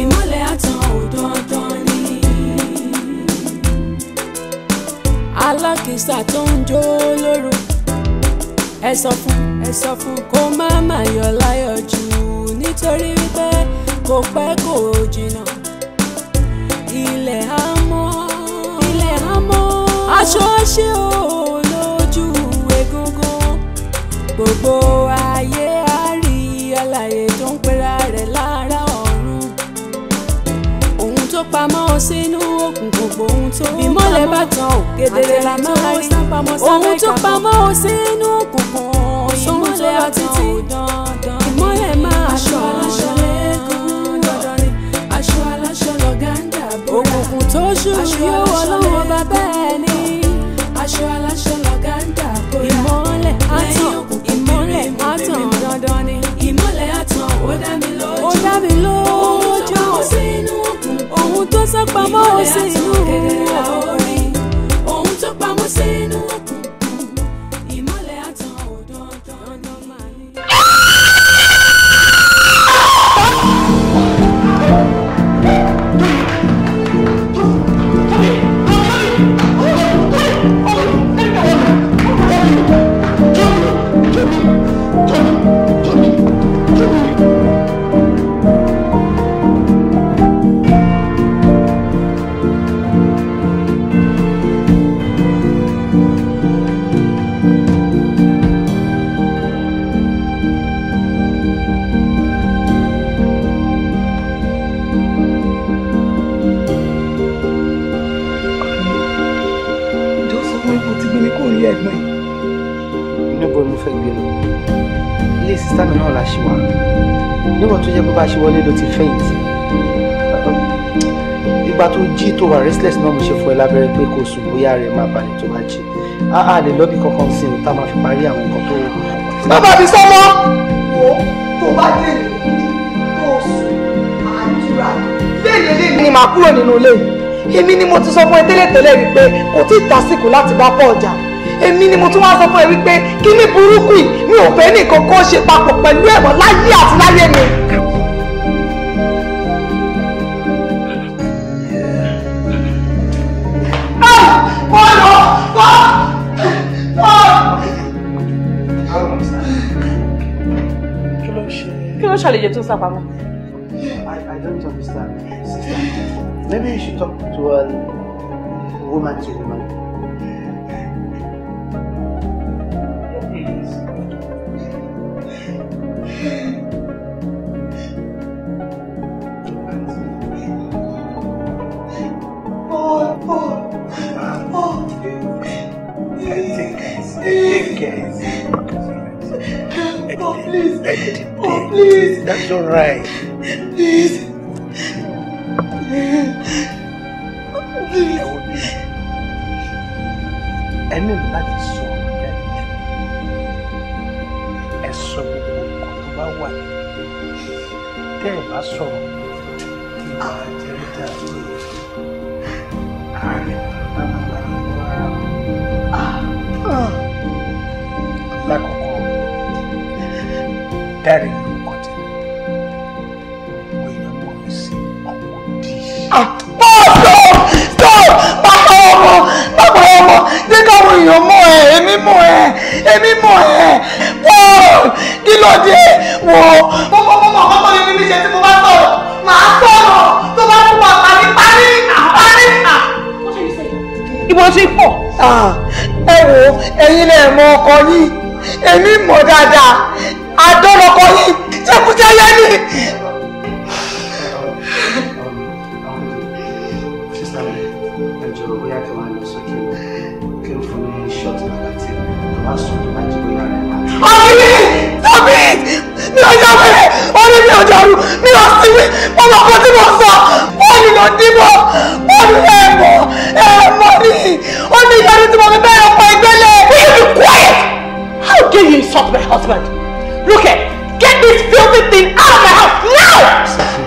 ìmọ́lẹ̀ àtàn ò dandan ni. alákìsà tó ń jó lóru ẹ sọ fún ẹ sọ fún kó má má yọ̀ láyọ̀ jù nítorí wípé kò pẹ́ kò jìnnà ilẹ̀ á mọ́ ilẹ̀ á mọ́ aṣọ ṣe ò lójú egungun gbogbo ayé. pamọ́ sínú òkùnkùn gbòhun tó pamọ́ ìmọ́lẹ̀ bá tan ò kedere la máa rí ohun tó pamọ́ sínú òkùnkùn ìmọ́lẹ̀ àtìtì ìmọ́lẹ̀ máa ṣọ́ aṣọ lẹ́kàn dandan ni aṣọ aláṣọ lọ́gá ń dàbúrà òkùnkùn tó ṣú yóò ọlọ́run ọba bẹ́ẹ̀ ni aṣọ aláṣọ lọ́gá ń dàbúrà ìmọ́lẹ̀ àtàn ìmọ́lẹ̀ àtàn dandan ni ìmọ́lẹ̀ àtàn ó dá mi lójú ó dá mi lójú ó sínú òkùnkùn. ohun tó sọ pamọ́ lábẹ́rẹ́ pé kò sùn bóyá rẹ̀ máa balẹ̀ tó bá jí a a lè lọ́bì kankan sí i máa fi parí àwọn nǹkan tó wù. bàbá mi sọ mọ́. o tó bá dé tó sùn máa jura léèlè léèlè ni màá kúrò nínú ilé èmi ni mo ti sọ fún ẹ tẹ́lẹ̀tẹ́lẹ̀ rí pé kò tí ì tásìkò láti bá pọ̀ ọjà èmi ni mo tún wá sọ fún ẹ wípé kí ni burúkú yìí mi ò fẹ́ nìkan kó ṣe papọ̀ pẹ̀lú ẹ̀wọ̀n láyé àti láyé mi. I I don't understand sister maybe you should talk to her. Um, èèyàn mọ̀ ẹ́ èmi mọ̀ ẹ́ èmi mọ̀ ẹ́ wọ́ọ̀ kí ló dé wọ́. mo mọ mo mọ ọmọ mi níbi iṣẹ́ tí mo bá sọ̀rọ̀ màá sọ̀rọ̀ tó bá fún wa pàdé parí àparí à. ibo ti pọ̀. ẹ wo ẹ̀yin lẹ mọ ọkọ yín èmi mọ̀ dáadáa àdọ́lọkọ yín jẹ́kújẹ́ yẹn ni. mi ò sí wí mo mọ̀ kó tí mo sọ bọ́ọ̀lù ló dín mọ́ bọ́ọ̀lù ẹ̀ mọ̀ ẹ̀ mọ̀ ni ó ní ìyanu tí mo fi bẹ́ẹ̀ ọkọ̀ ìgbélé. Will you be quiet? How dare you insult my husband? Look at get this filthy thing out of my house now.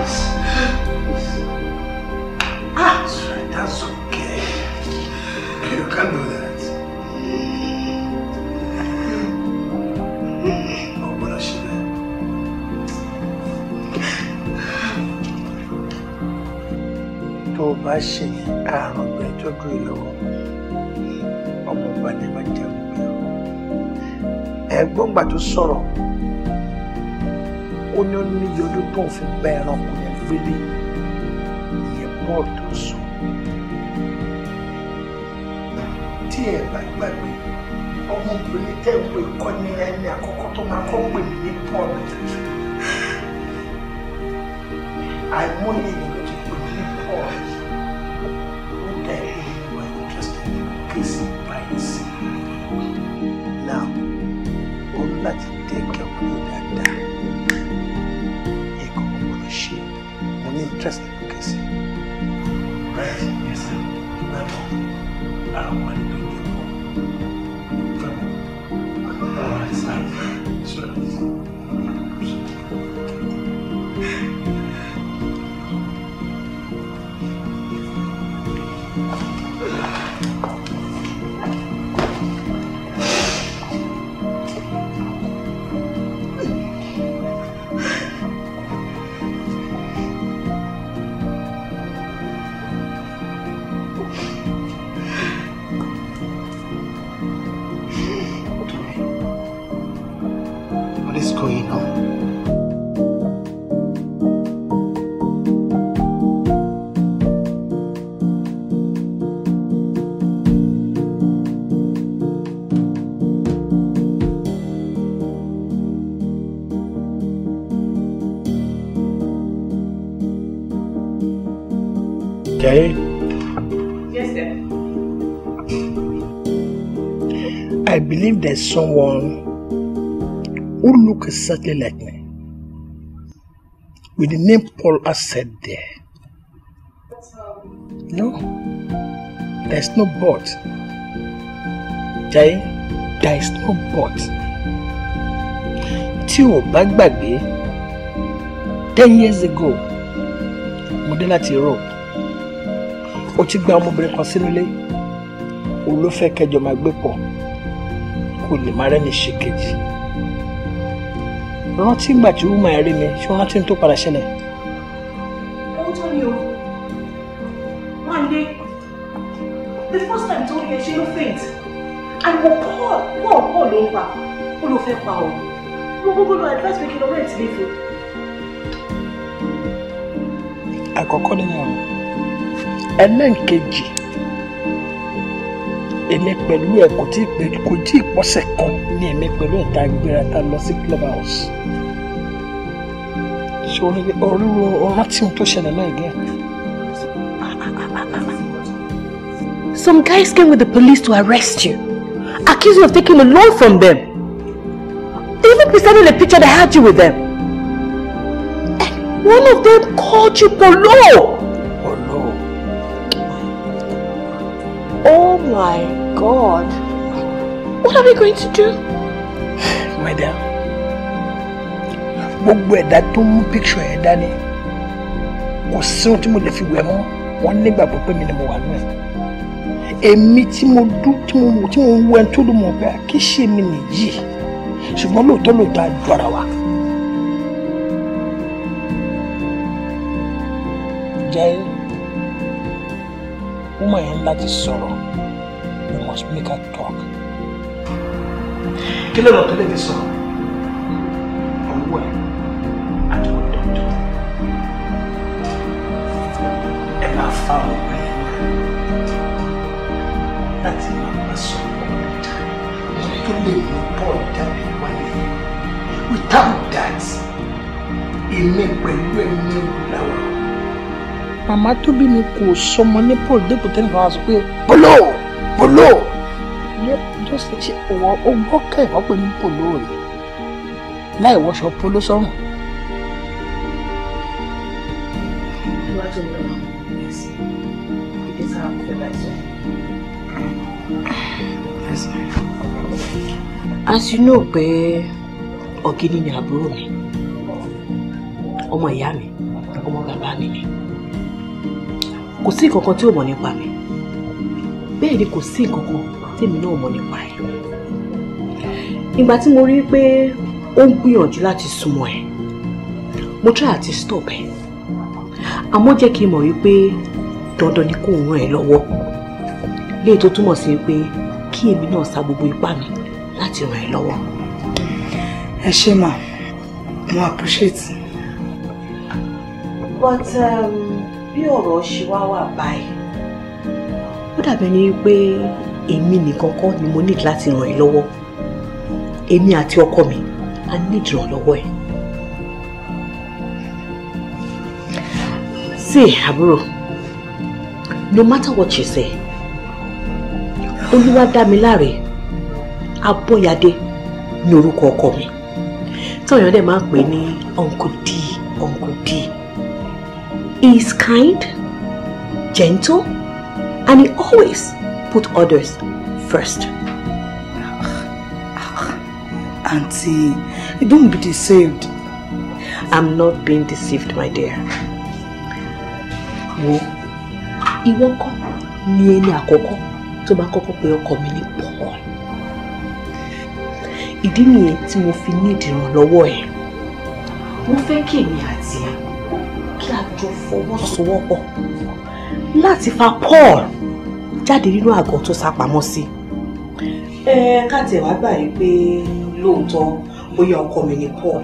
bá ṣe àrùn gbẹ tó dúró lọ́wọ́ ọmọ ọba ni máa jẹ ọmọ ẹ̀gbọ́n gbà tó sọ̀rọ̀ ó ní ó níyì ọdún tó ń fi gba ẹranko yẹn gbélé ìyẹn bọ́ọ̀ tó sùn tí ẹ bá gbàgbé ọmọbìnrin tẹ́ ń pè kọ́ ní ẹni àkọ́kọ́ tó máa kọ́ pè ní bọ́ọ̀lù tuntun àìmọye ènìyàn ti pè mí ní bọ́ọ̀lù. Trust me, Casey. Right? Yes, I don't want it. believe there's someone who looks exactly like me, with the name Paul said there. No, there's no but. Jai, there is no but. Tí o bá gbàgbé, ten years ago, mo tiro, láti Europe. O ti gba ọmọbìnrin kan sínú ilé, o ló fẹ́ kò lè má rẹ́ni ṣe kejì rántí ìgbà tí wúmọ̀ ẹ̀ rí mi ṣé wọ́n rántí tó padà ṣẹlẹ̀. lóòótọ́ ni o one day the first time tó yẹ ṣe ló faint and mo kọ́ pọ̀ pọ̀ ló ń pa ó ló fẹ́ pa òun mo gbogbo lo advice pé kí lọ rẹ̀ tì lè fi. àkọ́kọ́ nínú ẹlẹ́ǹkejì. èmi pẹ̀lú ẹ̀ kò tí kò kan ní èmi pẹ̀lú ẹ̀ tá a gbéra tá lọ sí club house tí tó ṣẹlẹ̀ náà Some guys came with the police to arrest you, accused you of taking a loan from them. They even presented a picture that had you with them. And one of them called you Polo. Polo. Oh my God. What are we going to do? My dear, gbogbo ẹ̀dá tó mú picture ẹ̀ dání kò sí ohun tí mo lè fi wẹ̀ mọ́ wọ́n nígbàgbọ́ pé mi ni mo wà nù ẹ̀. Èmi tí mo dú tí mo mọ̀ tí mo ń wọ ẹni tó dùn mọ̀ pé kí ṣe mi nìyí ṣùgbọ́n lóòótọ́ lóòótọ́ àjọ ara wa. Jẹ́ ọmọ yẹn láti sọ̀rọ̀ must make her talk. kí ló lọ tẹ́lẹ̀ ti sọ owó ẹ̀ àti òdòdó ẹ máa fa ọ̀pẹ láti máa bá sọ ọ̀dà tó lè mú bọ́ọ̀lù jáde wálé without that èmi pẹ̀lú ẹni làwọn. màmá tó bí mi kò sọmọ ní paul dépò tẹ́lifà wá sọ pé polo. Oh, oh, oh, polo lẹ́kọ̀ọ́jọ́ ṣe ṣe ọwọ́ ó gbọ́kẹ́ wọ́n pè ní polo rẹ̀ láì wọṣọ polo sọ́run. as you know pé ọ̀gíní ni àbúrò mi ọmọ ìyá mi ọmọ bàbá mi ni kò sí nǹkan kan tí ò mọ̀ nípa mi bẹ́ẹ̀ ni kò sí nǹkan kan tèmi náà mọ̀ nípa ẹ̀ ìgbà tí mo rí pé ó ń gbìyànjú láti súnmọ́ ẹ̀ mo try àti stop ẹ̀ àmọ́ jẹ́ kí n mọ̀ wípé dandan ni kò ń ràn ẹ́ lọ́wọ́ léè tó túmọ̀ sí pé kí èmi náà sa gbogbo ipá mi láti ràn ẹ́ lọ́wọ́. ẹ ṣé mà mo appreciate. but um, bí ọ̀rọ̀ ṣe wá wà báyìí ó dàbí ẹni pé èmi nìkan kọ́ ni mo need láti ràn ẹ́ lọ́wọ́ èmi àti ọkọ mi a need ràn lọ́wọ́ ẹ̀. see àbúrò no matter what you say olúwa dá mi láre abọ́yadé ní orúkọ ọkọ mi tọ́yàn dẹ̀ máa pè ní uncle d uncle d he is kind gentle and he always put others first. Auntie, don't be deceived. I'm not being deceived, my dear. Wo, ìwọ kọ́ ni eni akoko. tó bá kọ́kọ́ pe ọkọ mi ní Paul. Ìdí nìyẹn tí mo fi ní ìdìrànlọ́wọ́ ẹ̀. Mo fẹ́ kí èmi àti ẹ̀ kí a jọ fọwọ́sowọ́pọ̀ láti fa Paul jáde nínú àgọ́ tó sá pamọ́ sí. ẹ ká tiẹ̀ wá gbà yí pé lóòótọ́ bóyá ọkọ mi ni Paul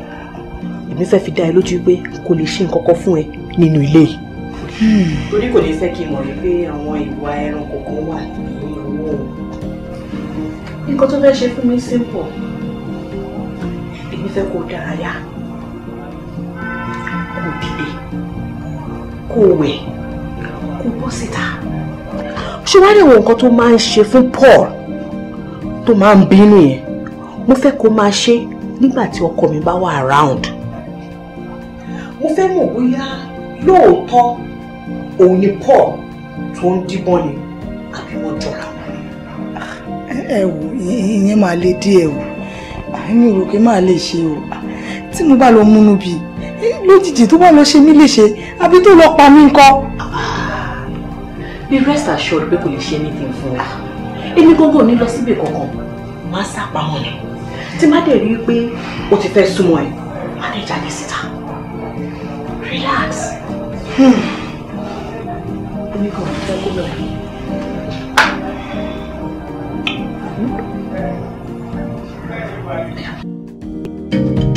èmi fẹ́ fi dá ẹ lójú pé kò lè ṣe nǹkan kan fún ẹ nínú ilé yìí. torí kò ní fẹ́ kí n mọ̀ wípé àwọn ìwà ẹranko kan wà nínú o. nǹkan tó fẹ́ ṣe fún mi simple èmi fẹ́ kó dárayá kó dìde kó wẹ̀ kó bọ́ síta ṣé wàá rí àwọn nǹkan tó máa ń ṣe fún Paul tó máa ń bínú yẹn mo fẹ́ kó máa ṣe nígbà tí ọkọ mi bá wà around mo fẹ́ mọ̀ bóyá lóòótọ́ òun ni Paul tó ń díbọ́n ni àbí wọ́n jọra wọn. ẹ wò ìyẹn máa lè díẹ̀ o àmì òròkè máa lè ṣe o tí mo bá lọ múnú bí lójijì tó bá lọ ṣe mí léṣe àbí tó lọ pa mí ńkọ́. Ah, be rest assured pé kò lè ṣe anything fún wa èmi gbogbo ní lọ síbi kankan máa sápa wọn ni tí má dẹ̀ rí i pé o ti fẹ́ súnmọ́ ẹ má dẹ̀ jáde síta relax Hmm. kan fẹ́ kó lọ rí. thank you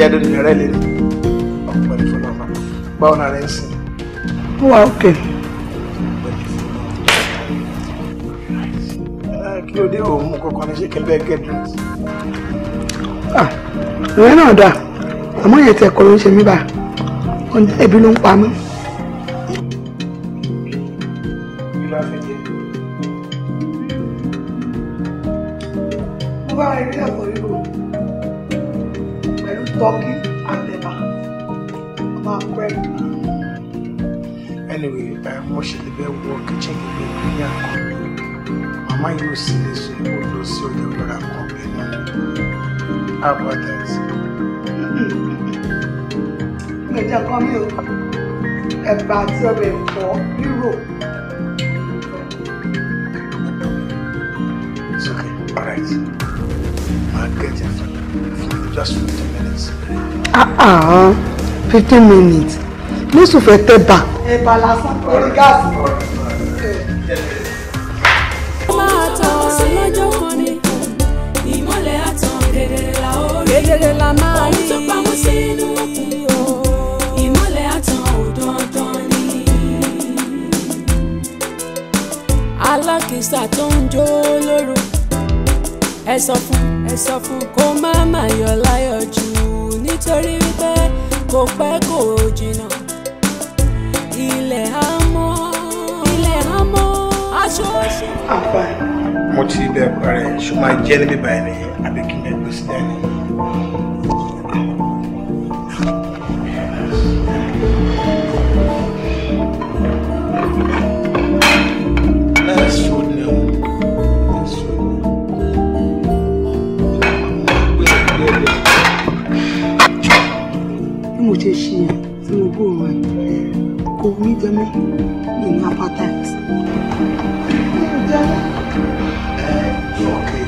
jáde ní ìrẹ́ lè rí ọ̀pọ̀ ìfọlọ́mọ báwo náà rẹ̀ ń sìn. ó wà òkè. kí ló dé òun kọ̀ọ̀kan ní ṣé kí n bẹ́ẹ̀ get dressed. Ah, ìrẹ́ náà dà àmọ́ ìyẹn tẹ̀ kọ́ ló ń ṣe mí bá ọ̀nà ẹ̀bí ló ń pa mí. ẹ̀bà àti ọbẹ̀ ẹ̀fọ́ rírò. It's okay, all right. I'll get your food for just fifteen minutes. Ah ah, fifteen minutes. Mo sùn fẹ́ tẹ́ bà. Ẹ̀bà lásán, orí gáàsì. ẹ sọ fún ẹ sọ fún kó má má yọ̀ láyọ̀ jù nítorí wípé kò pẹ́ kò jìnnà ilẹ̀ á mọ́ ilẹ̀ á mọ́ aṣọ. àpá mo ti bẹ pẹrẹ ṣùgbọ́n jẹ́ níbi báyìí ni àbí kí n bẹ gbèsè ṣe ṣe yẹn tí mo gbóòórùn ẹ̀ kò wú ní jẹmọ́ mi ní apartheid. ọkẹ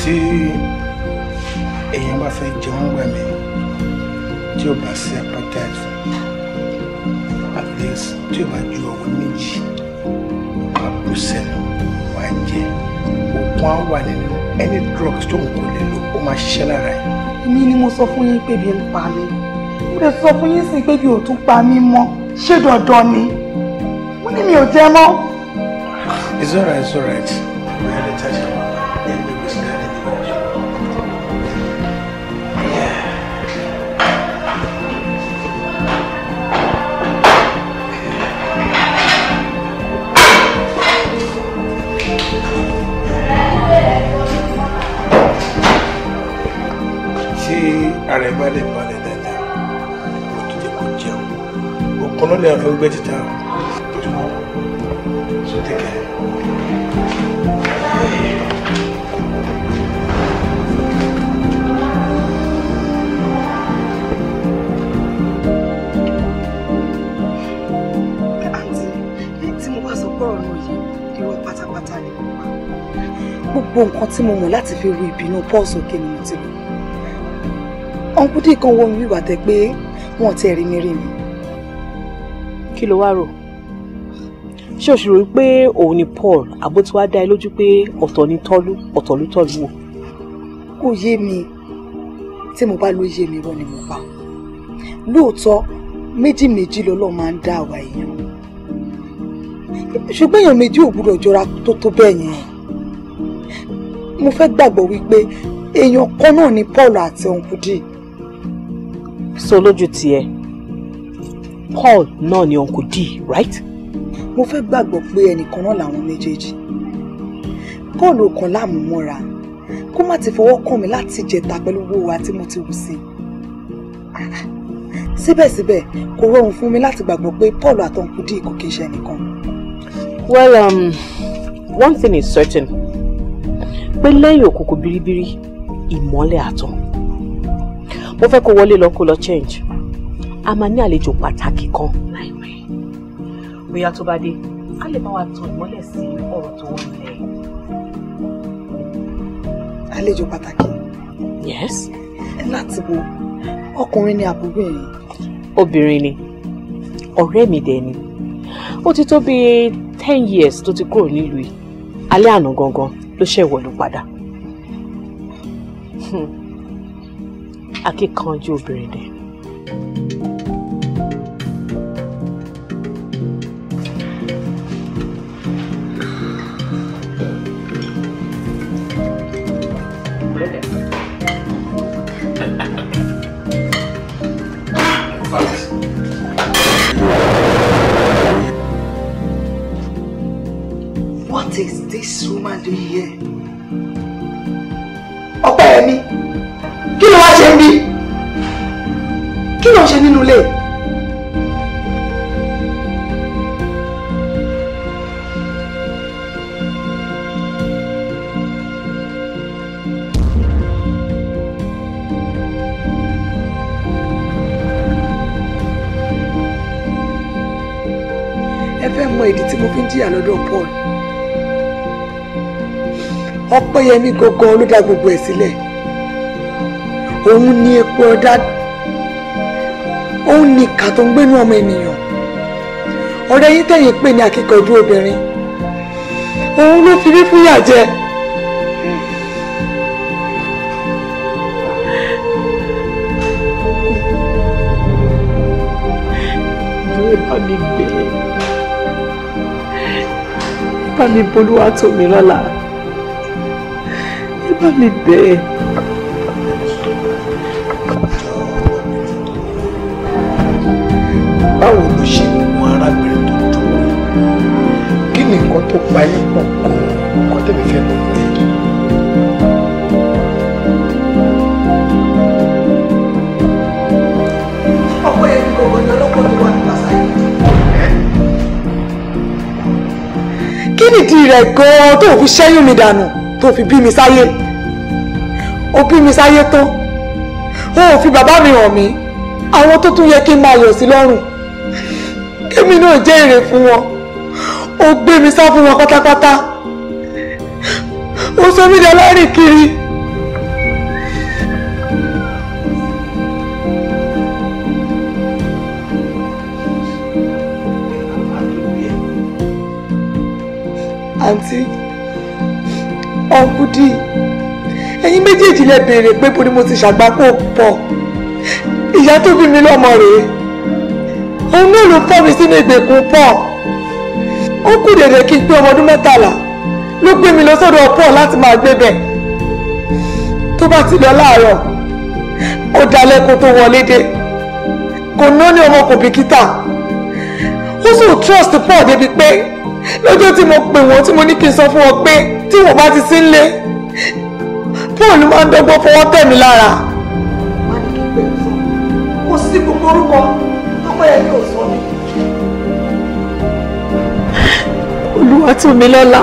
tí èèyàn bá fẹ́ jẹun gbà mí tí ó bá sí apartheid at least tí ó bá ju ọwọ́ méjì wàá kú sẹ́nu wàá jẹ òkun á wà nínú any drugs tó ń kó lè ó máa ṣiṣẹ́ lára ẹ̀. èmi ni mo sọ fún yín pé bí ń pa mí mo lè sọ fún yín sí pé bí ò tún pa mí mọ́ ṣé dandan ni mo ní mi ò jẹ mọ́. it's alright it's alright. náà ó gbé títà ojúmọ́ so take care. gbogbo nǹkan tí mo mọ̀ láti fi ru ìbínú pọ́ọ̀sì òkè ni mo ti lò. ọ̀npúdí kan wo mi wà tẹ́ pé wọ́n ti ẹ̀rí mi rí mi kí ló wá rò ṣé o sì rò pé òun ni Paul àbó tí wàá dá ẹ lójú pé ọ̀tọ̀ ni tọ́lú ọ̀tọ̀ ló tọ́lú wò. kò yé mi tí mo bá ló yé mi rọ ni mo pa lóòótọ́ méjì méjì lọ́lọ́ máa ń dá àwa èèyàn ṣùgbọ́n èèyàn méjì ò gbúdọ̀ jọra tó tó bẹ́ẹ̀ yẹn mo fẹ́ gbàgbọ́ wípé èèyàn kan náà ni Paul àti ọ̀hún kùdì. so lójú tiẹ̀ Paul náà ni uncle D right. mo fẹ́ gbàgbọ́ pé ẹnìkan náà làwọn méjèèjì Paul ò kàn láàmú mọ́ra kó má ti fọwọ́ kàn mí láti jẹta pẹ̀lú owó wa tí mo ti wù sí i síbẹ̀síbẹ̀ kò rọrùn fún mi láti gbàgbọ́ pé Paul àtọ̀nkù dì kò kí n ṣe ẹnìkan. well um, one thing is certain pé lẹ́yìn òkùnkùn biribiri ìmọ́lẹ̀ àtọ̀ mo fẹ́ kó wọlé lọ kó lọ change a máa ní àlejò pàtàkì kan. láìpẹ́ bóyá tó bá dé a lè bá wa tan ìmọ́lẹ̀ sí ọ̀rọ̀ tó wà nílẹ̀. àlejò pàtàkì. yes. láti wo ọkùnrin ni àbúrò ẹ̀yìn. obìnrin ni ọ̀rẹ́ mi dẹ̀ ni ó ti tó bíi ten years tó ti kúrò nílùú yìí alẹ́ àná gangan ló ṣe ìwọ̀lú padà. Hmm. akíkanjú obìnrin dẹ̀. this woman doing here? Ọpẹ́yẹmí, kí ló wá ṣe ń bí? Kí ló ń ṣe nínú ilé? ẹ fẹ́ mọ ìdí tí mo fi ń jìyà lọ́dọ̀ Paul ọpẹ́yẹmí gangan ló dá gbogbo ẹ̀ sílẹ̀ òun ni epo ọ̀dá òun ni ìkà tó ń gbénú ọmọ ènìyàn ọ̀rẹ́ yín tẹ̀yìn pè ní akíkanjú obìnrin òun ló fi fífúyà jẹ. bá mi gbé mi bolúwa bá mi bẹ́ẹ̀. báwo ló ṣe mú arábìnrin tó dúró kí ni nǹkan tó pa yín pọ̀ gan-an nǹkan tẹ̀lé fẹ́ mọ̀ ní. ọ̀pọ̀ ẹ̀rí gbogbo ni ọlọ́pàá tó wà ní pàṣẹ. kí nìdí rẹ̀ gan fi ṣẹ́yún mi dànù tó fi bí mi sáyé ó bí mi sáyé tán o ò fi bàbá mi hàn mí àwọn tó tún yẹ kí n máa yọ̀ sí lọ́rùn kémi náà jẹ́ èrè fún wọn ó gbé mi sá fún wọn pátápátá ó sọ mí dẹlẹ́rìn kiri. àǹtí ọ̀nkú ẹ̀yin méjèèjì lẹ béèrè pé bó ni mo ti ṣàgbákò pọ̀ ìyá tó bí mi lọ́mọ rèé òun náà ló fọ́ mi sínú ìgbèkùn pọ̀ ó kù dẹ̀dẹ̀ kí n pé ọmọ ọdún mẹ́tàlá ló gbé mi lọ sọ́dọ̀ pọ̀ láti máa gbé bẹ̀ tó bá ti lọ láàárọ̀ ó dalẹ̀ kó tó wọlé dé kò ná ní ọmọ kò bìkítà ó sì trust pọ̀ débi pé lọ́jọ́ tí mo pè wọ́n tí mo ní kí n sọ fún wọn pé tí wọ́n bá ti sí ń lé paul máa ń dọ́gbọ́n fọwọ́ tẹ̀ mí lára. má ní kí pẹ̀lú sọ kò sí gbogbo orúkọ tọ́pọ̀ yẹn yóò sọ mi. Olúwatómilọ́lá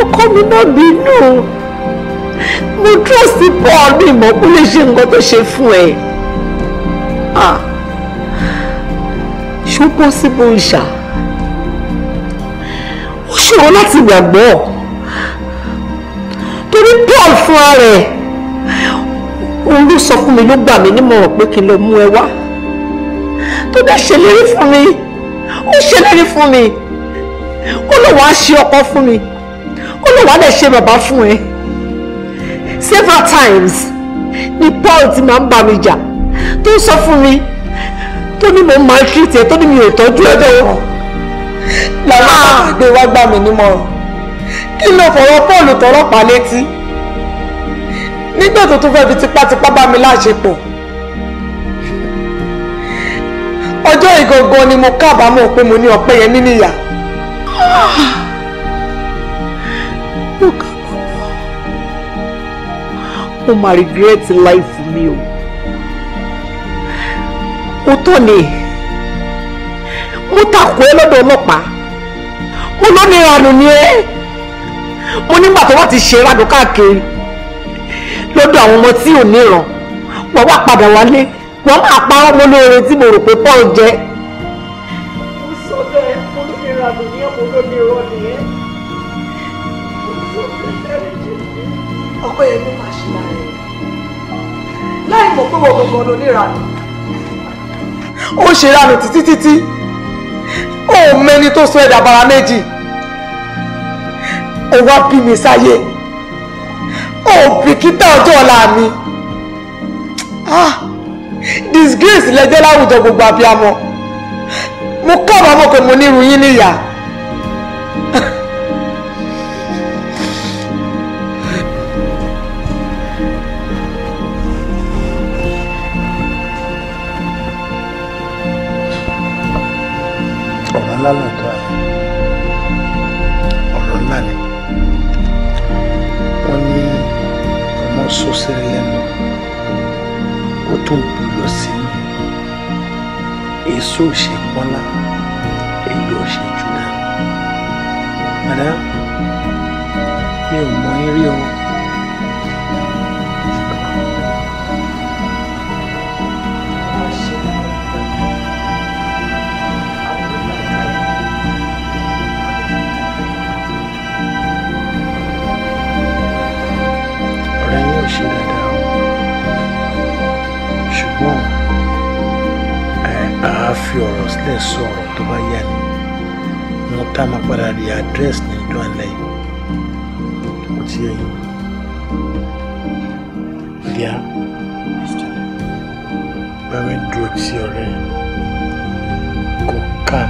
ọkọ mi náà bínú mo trust paul mi mọ̀ kó lè ṣe nǹkan tó ṣe fún ẹ. ṣó possible ṣá ó ṣòro láti gbàgbọ́ fúnra rẹ̀ òun ló sọ fún mi ló gbà mí nímọ̀ràn pé kí n lọ mú ẹ wá tó dẹ̀ ṣèlérí fún mi ó ṣèlérí fún mi ó lọ wàá ṣe ọkọ fún mi ó lọ wàá lè ṣe bàbá fún ẹ several times ni Paul ti máa ń bá mi jà tó sọ fún mi tó ní mo máa ń treat ẹ tó ní mi ò tọ́jú ẹ dẹ́wọ̀ làwọn àgbẹ̀ wá gbà mí nímọ̀ràn kí ló fọwọ́ Paul tọrọ pa létí nígbà tó tún fẹ́ẹ́ fi tipátipá bá mi láṣepọ̀ ọjọ́ ìgangan ni mo kábàámọ̀ pé mo ní ọpẹ́ yẹn nínú ìyá. mo máa regret life mi o òótọ́ ni mo takò ẹ́ lọ́dọ̀ ọlọ́pàá mo lónìí ìranù ni ẹ́ mo nígbà tó wọ́n ti ṣe ìranù káàkiri lọ́dọ̀ àwọn ọmọ tí ò níran wọ́n wá padà wálé wọ́n máa pa ọmọ olóore tí mo rò pé paul jẹ́. mo sọ bẹ́ẹ̀ mo ló lè ra lòní ọmọ ló lè rọ nìyẹn mo sọ bẹ́ẹ̀ lẹ́rìí jẹ́ ọkọ yẹn ló máa ṣe láàrin láì mọ̀ pé wọ́n gbọ̀ngàn ló lè ra nù. ó ṣe ránu títí títí ó mẹ́ni tó sọ ẹ̀dà bàrà méjì ó wá bí mi sáyé òbìkítà ọjọ́ ọ̀la mi ah, disgrace lẹ́jọ́ láwùjọ gbogbo abiyamọ mo kábàámọ̀ pé mo nírú yín níyà. lálẹ́ So ò ṣe pọ́nlá èyí ò ṣe jù madam mi ò mọ eré ọ̀rọ̀. fi ọ̀rọ̀ sílẹ̀ sọ ọ̀rọ̀ tó bá yá ni wọn tá máa padà rí àdírẹ́sì ní ìjọ alẹ́ yìí kò tí ì yín. Díà bá mi dúró tí ọ̀rẹ́ kò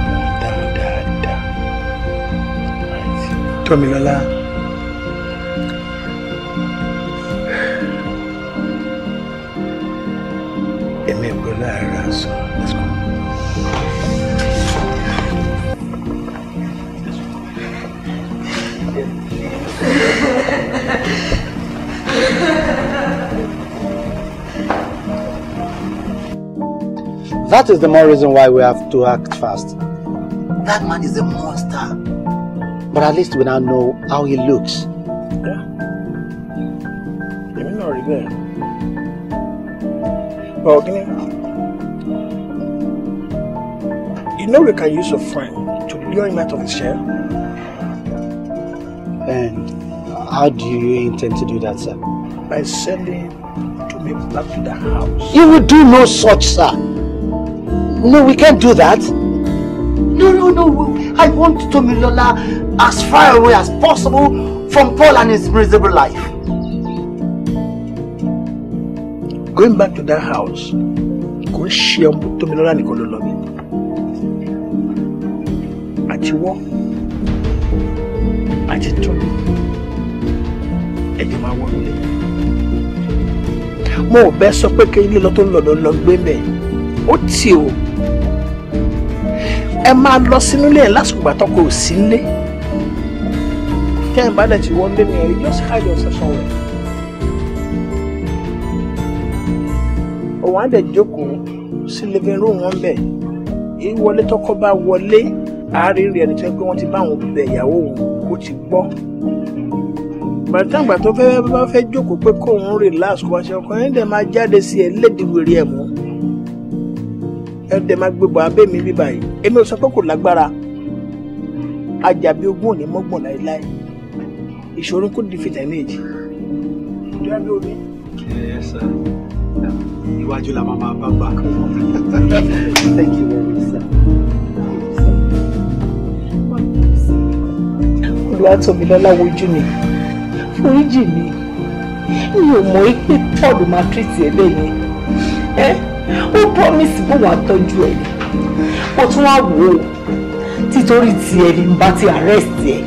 That is the more reason why we have to act fast. That man is a monster. But at least we now know how he looks. Yeah. You already there. Well, you know we can use your friend to lure him out of his chair? And How do you intend to do that, sir? By sending to me back to the house. You will do no such, sir. No, we can't do that. No, no, no. I want Tomilola as far away as possible from Paul and his miserable life. Going back to that house, kò ń ṣe ọmọ Tomilola nìkan ló lọ mi. Àti wọ́n, àti Tomi ẹ̀jẹ̀ máa wọ́n lé. mo ò bẹ́ sọ pé kí ilé lọ tó ń lọ lọ gbé mẹ́ ó tì o ẹ máa lọ sínú ilé ẹ lásìkò ìgbà tọkọ ò sí nílé tẹ́ ẹ̀ ti wọ́n lé mi ẹ̀ yóò ṣáàjọ ṣẹ̀ṣọ̀ rẹ̀. òun á dẹ̀ jókòó sí living room wọn bẹ̀ ìwọlé tọkọ bá wọlé àárín rẹ̀ ẹni tó ń pé wọ́n ti bá àwọn òbí bẹ̀ ìyàwó òun ó ti gbọ́ bàtàǹgbà tó fẹ́ bá fẹ́ jókòó pé kóun relax kó wá ṣe ọkọ yẹn dẹ̀ máa jáde sí ẹ lédiwèrè ẹ̀ mú ẹ dẹ̀ máa gbébọ̀ abẹ́ mi bí báyìí èmi ò sọ pé kò lágbára ajàbí ogún òní mọ́gbọ̀n láéláé ìṣòro kò di fìtà méjì ìdájọ́ omi. ẹ sà iwájú la máa bá bá kan. thank you very much sir. olùwàtòmílọ́lá wojú mi foríjì mi mi ò mọ̀ pé paul máa tírìtì ẹ bẹ́ẹ̀ yẹn ẹ ó promise bó wàá tọ́jú ẹ ó tún wá wò ó títorí ti ẹni bá ti arrest ẹ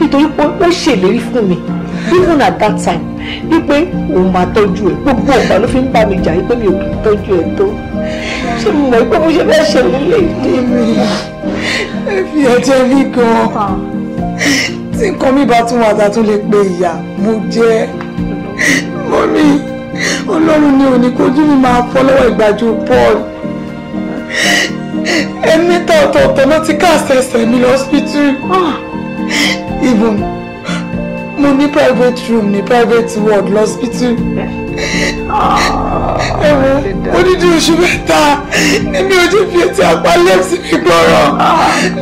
nítorí pé ó ṣèlérí fún mi even at that time wípé òun máa tọ́jú ẹ gbogbo ọ̀gbà ló fi ń bá mi jà wípé mi ò kì í tọ́jú ẹ tó ṣé mo mọ̀ pé mo ṣe fẹ́ ṣe nílé ìdí mi ẹ fi ẹ̀jẹ̀ mi gan tí nǹkan mi bá tún wà tún lè pe ìyá mo jẹ́ mọ́mí ọlọ́run ni òní kojú mi máa fọ́ lọ́wọ́ ìgbàjú paul ẹni tá ọ̀tọ̀ọ̀tọ̀ ló ti káàsẹ̀sẹ̀ mi lọ hospital ah, mo ní private room ní private ward lọ ẹ̀wọ̀n odidi oṣù mẹ́ta ni mi ò ti fi etí apá lẹ́ẹ̀sì mi gbọ́rọ̀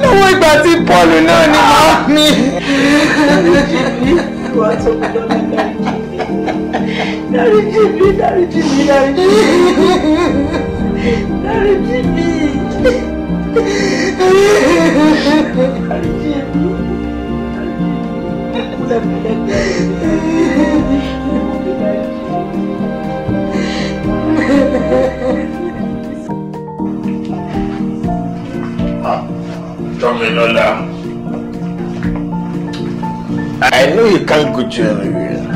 lọ́wọ́ ìgbà tí Pọ́ọ̀lù náà ni màá mi. dáríjì mi dáríjì mi dáríjì mi dáríjì mi dáríjì mi. Thank you. Tomilola, I know you can't go to anywhere.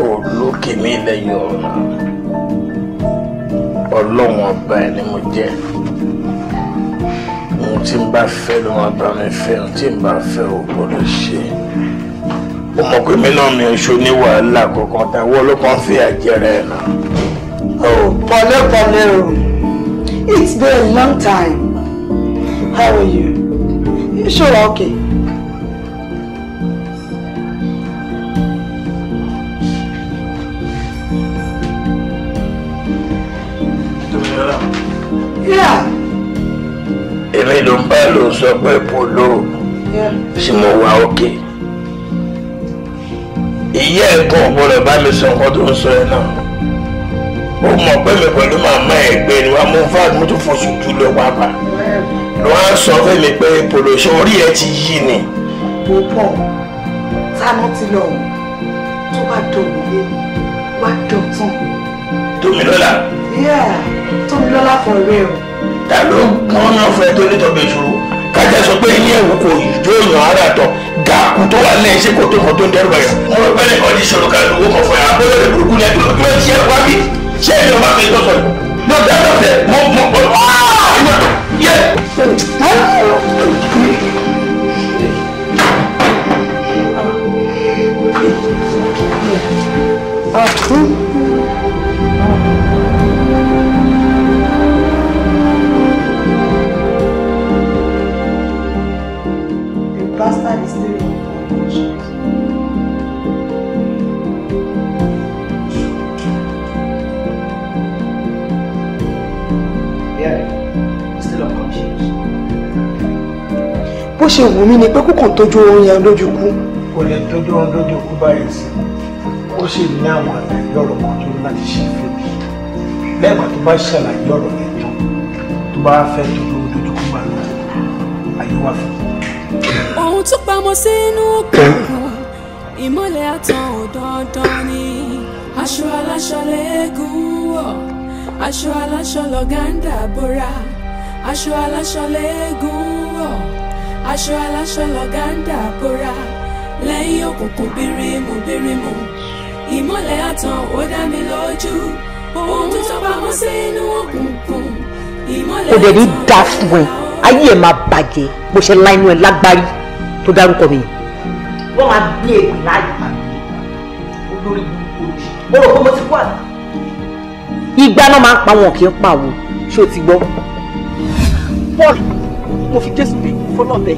Oh, look at me that you are. Ọlọ́run ọba ẹni mo jẹ́. Mo ti ń bá fẹ́ ló máa bá mi fẹ́, mo ti ń bá fẹ́ ò gbọ́dọ̀ ṣe. Mo mọ̀ pé mi náà mi ò ṣo ní wàhálà kankan, tàwọn ọlọ́kàn fi àjẹrẹ náà. Oh, Pole Pole. It's been a long time. How are you? You sure okay? Yeah. Èmi ló ń bá lò sọ pé polo sì mo wà òkè. Ìyá ẹ̀kọ́ ọ̀pọ̀ rẹ̀ bá mi sọ nǹkan tó ń sọ ẹ náà mo mọ̀ pé mi pẹ̀lú màmá ẹ̀ gbé ni wá mo fà mo tún fòṣù jù lọ wá bá ló wá sọ fún mi pé pòlòṣó orí ẹ ti yí ni. mo pọ̀ tánú ti lọ tó bá dọ̀wọ́lé wá dọ̀tún. tómilọ́lá. tómilọ́lá fọ̀rẹ́ o. ta ló gbọ́n náà fẹ́ tó nítorí ìṣòro kájà sọ pé ilé ẹ̀wù kò ìjó èèyàn ara tọ̀ gàkú tó wà lẹ́yìn sí kò tó mọ̀ tó ń dẹ́rù bàyà. mo rò pé nìkan ti ṣòro ká lówó mọ̀ fún yàrá bóyá ìbùrùkú lẹ́dùn ṣé èèyàn bá fẹ́ tọ́sọ̀ yìí mo dẹ́tọ̀ tẹ̀ mo mọ̀ ọ́ yẹ. ṣe wù mí ni pé kókàn tójú oorun yẹn lójú kú. kò lè tójú oorun lójú kú báyìí sí ó sì ní àwọn àlàyé ọ̀rọ̀ kan tó láti ṣe fún mi lẹ́ẹ̀kan tó bá ṣàlàyé ọ̀rọ̀ yẹn tán tó bá fẹ́ tójú oorun lójú bá lọ àyè wá fún mi. ohun tó pamọ́ sínú kòkòrò ìmọ̀lẹ̀ àtàn ò ni aṣọ aláṣọ lẹ́ẹ̀gùn wọ̀ aṣọ aláṣọ lọ́gàndà bóra aṣọ aláṣọ lẹ́ẹ̀gùn wọ̀ aṣọ aláṣọ lọ́gáńdà bóra lẹ́yìn òkùnkùn bírímù bírímù ìmọ̀lẹ̀ àtàn ó dá mi lójú ohun tó pamọ́ sínú òkùnkùn ìmọ̀lẹ̀ àtàn. kò dẹ̀ ní dá fún ẹ ayé ẹ máa bàjẹ́ bó ṣe láìnú ẹ lágbárí tó dárúkọ mi. wọ́n máa gbé èpè e e láàyè olórí burúkú ó rò pé mo ti kú àná. ìgbà náà máa ń pa wọn kì í pa wọn ṣé o ti gbọ́. bọ́ọ̀lù mo fi jésù bí fọlọ́ọ̀bẹ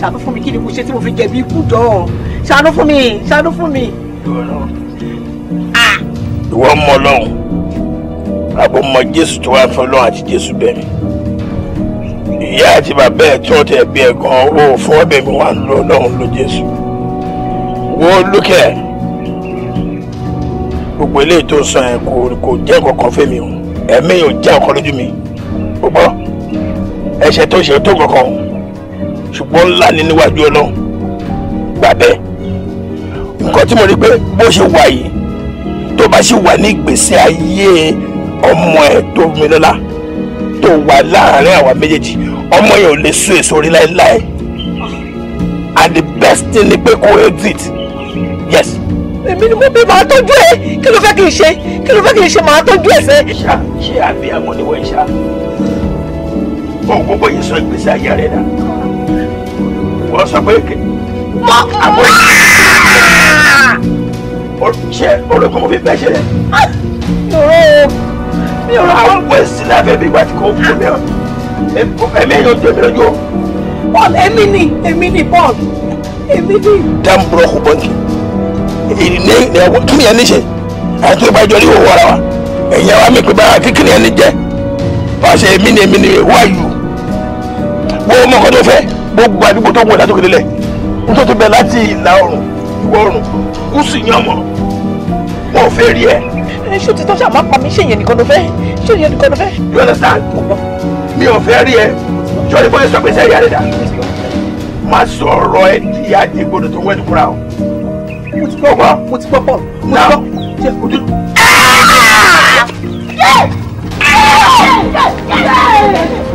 ṣàánú fún mi kí ni mo ṣe tí mo fi jẹ̀bi ikú jọ ṣàánú fún mi ṣàánú fún mi. ìwọ mọ Ọlọ́run àbọ mọ jésù tó wá fún Ọlọ́run àti jésù bẹmí ìyá àti bàbá ẹ tó tẹ bí ẹ gan owó fọwọ́bẹ̀mí wà ń lo Ọlọ́run jésù wo lókè gbogbo eléyìí tó sàn ẹ kò jẹ́ kankan fẹ́mi o ẹ̀mí yóò jẹ́ ọkọ lójú mi gbogbo ẹ̀ṣẹ̀ tó ṣe tó kankan ṣùgbọ́n ńlá ni níwájú Ọlọ́run gbà bẹ́ẹ̀ nǹkan tí mo rí pé bó ṣe wà yìí tó bá ṣe wà ní ìgbésí ayé ọmọ ẹ tó mi lọ́la tó wà láàárín àwa méjèèjì ọmọ yẹn ò lè sún èso orí láéláé and the best thing ni pé kó exit yes. èmi ni mo bí màá tọ́jú ẹ kí ló fẹ́ kí n ṣe kí ló fẹ́ kí n ṣe màá tọ́jú ẹ sẹ́. ṣá ṣé àbí àwọn oníwọ̀ ìṣá òun gbogbo yìí sọ ìgbésí ayé rẹ̀ dà wọ́n sọ pé kè àbọ̀ ṣe olùkọ́ mo fi bẹ́ẹ̀ ṣe rẹ̀. mi ò rọ àwọn ẹ̀sìn lábẹ́ mi ìgbà tí kò fún mi ẹ̀mí ẹ̀yọ́ tó mi lójú. Paul èmi ni èmi ni Paul èmi ni. dam burọku bọ́ǹkì ìdílé ìdíyàwó kí ni ẹni ṣe àti ìgbà ìjọ ní òwò ara wa ẹ̀yìn àwọn mi pé bá kíkìnì ẹni jẹ́ wọ́n ṣe èmi ni èmi ni wáyù wo ọmọ kan tó fẹ́ gbogbo àdúgbò tó ń wọ ìdásókè lélẹ̀ n tó ti bẹ̀ láti ìlà oòrùn ìwọ̀ oòrùn sì yan mọ̀ wọn ò fẹ́ rí ẹ. ṣé òtítọ́ ṣáà máa pa mí ṣé ìyẹn nìkan ló fẹ́ ṣé ìyẹn nìkan ló fẹ́. you understand mi ò fẹ́ rí ẹ jọ́ni bọ́yì sọ pé ìyá rẹ̀ dà má sọ̀rọ̀ ẹ ìyá àjẹgbọ́dọ̀ tó wẹ́ẹ̀dì kúra o. mo ti gbọ́ Yeah!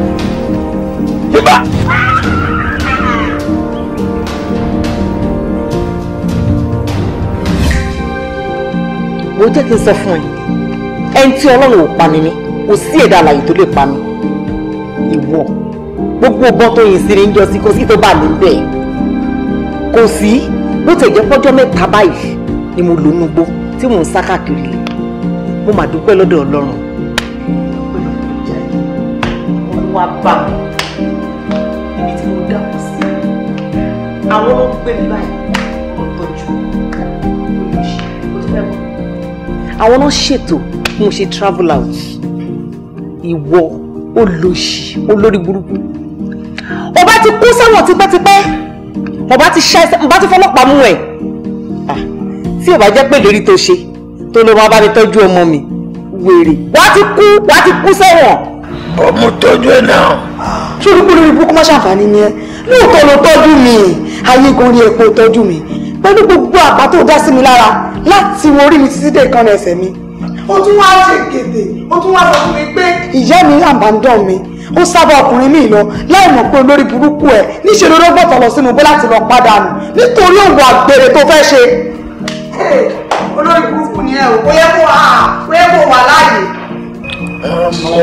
ó jẹ́ kí n sọ fún ẹ ẹni tí ọlọ́run ò pa mi ni kò sí ẹ̀dá alààyè tó lè pa mi ìwọ gbogbo ọgbọ́n tó yin sí ni ń jọ sí kò sí tó bá lè bẹ̀ kò sí bó tẹ̀ jẹ́ pọ́jọ́ mẹ́ta báyìí ni mo lò nú gbó tí mò ń sá káàkiri mo mà dúpẹ́ lọ́dọ̀ ọlọ́run olúwa bá mi ibi tí mo dákú sí àwọn ọmọ gbé mi báyìí. àwọn náà ṣètò mo ṣe travel out ìwọ olóṣì olórí burúkú ọba ti kú sẹ́wọ̀n tipẹ́tipẹ́ ọba ti ṣe ọba ti fọlọ́pàá mú ẹ̀ ah, tí ọba jẹ́ pé lérí tó ṣe tó ló máa bá mi tọ́jú ọmọ mi wèrè wàá ti kú wàá ti kú sẹ́wọ̀n. ọmọ tọ́jú ẹ náà. sórí kúlórí burúkú má ṣàǹfààní ni ẹ lóòótọ́ ló tọ́jú mi ayé gan rí ẹ pé ó tọ́jú mi pẹ̀lú gbogbo àbá tó dá sí mi lára láti orí mi títí dé ìkànnì ẹsẹ̀ mi ó tún wá ṣe gèdè ó tún wá sọ fún mi pé ìyá mi àbàndàn mi ó sábà ọkùnrin mi lọ láì mọ̀ pé olórí burúkú ẹ̀ níṣẹ́ ló rọ́gbọ̀tàn lọ sínú bó láti lọ padà nù nítorí òwò àgbèrè tó fẹ́ ṣe. olórí burúkú ni ẹ o kó ah, yẹ kó wà láàyè ọmọ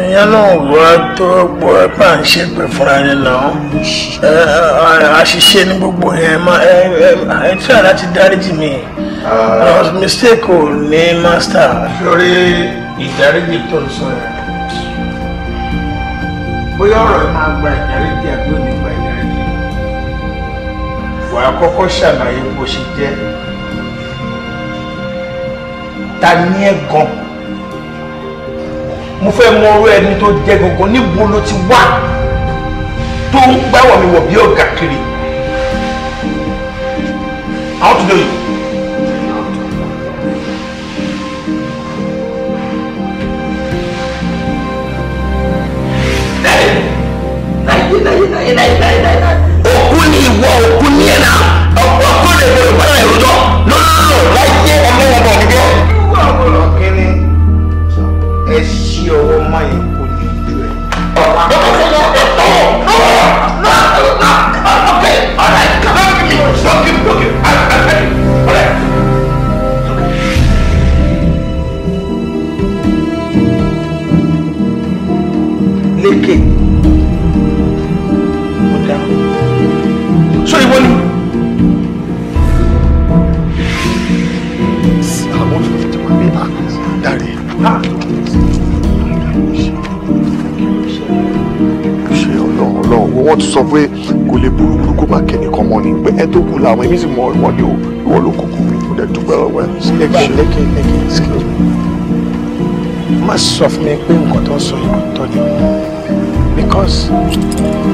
ẹ̀yà náà wá tó gbọ́ ẹ bá ń ṣe pé fúnra rẹ̀ náà àṣìṣe ní gbogbo yẹn ẹ tí àdá ti dáríjì mi ah. mistake ò ní master. sórí ìdáríjì tó ń sọ yẹn bóyá ọ̀rọ̀ ẹ máa gba ìdáríjì àbí òní gba ìdáríjì wàá kọ́kọ́ ṣàlàyé bó ṣe jẹ́ ta ní ẹ̀ gan mo fẹ́ mọ orú ẹni tó jẹ́ gangan níbo ló ti wá tó ń gbáwọ̀ mi wọ̀ bí ọ̀gá kiri how to do it. òkú ni ìwọ òkú ni ẹ̀ náà ọ̀pọ̀ kọ́lé lórí. ọmọ yẹn kò ní ìlú ẹ. lékè ọ̀dà sọ ìwọ ni. Dari. Ah. wọ́n ti sọ pé kò lè burú burú kó máa kẹ́nìkan mọ́ ni pé ẹ tó kú làwọn èmi sì mọ wọn ni o ìwọ ló kúkú mi kò dẹ̀ dúpẹ́ lọ́wọ́ ẹ. lẹ́kìn lẹ́kìn lẹ́kìn excuse me má sọ fún mi pé nǹkan tó ń sọ yìí kò tọ́ ni because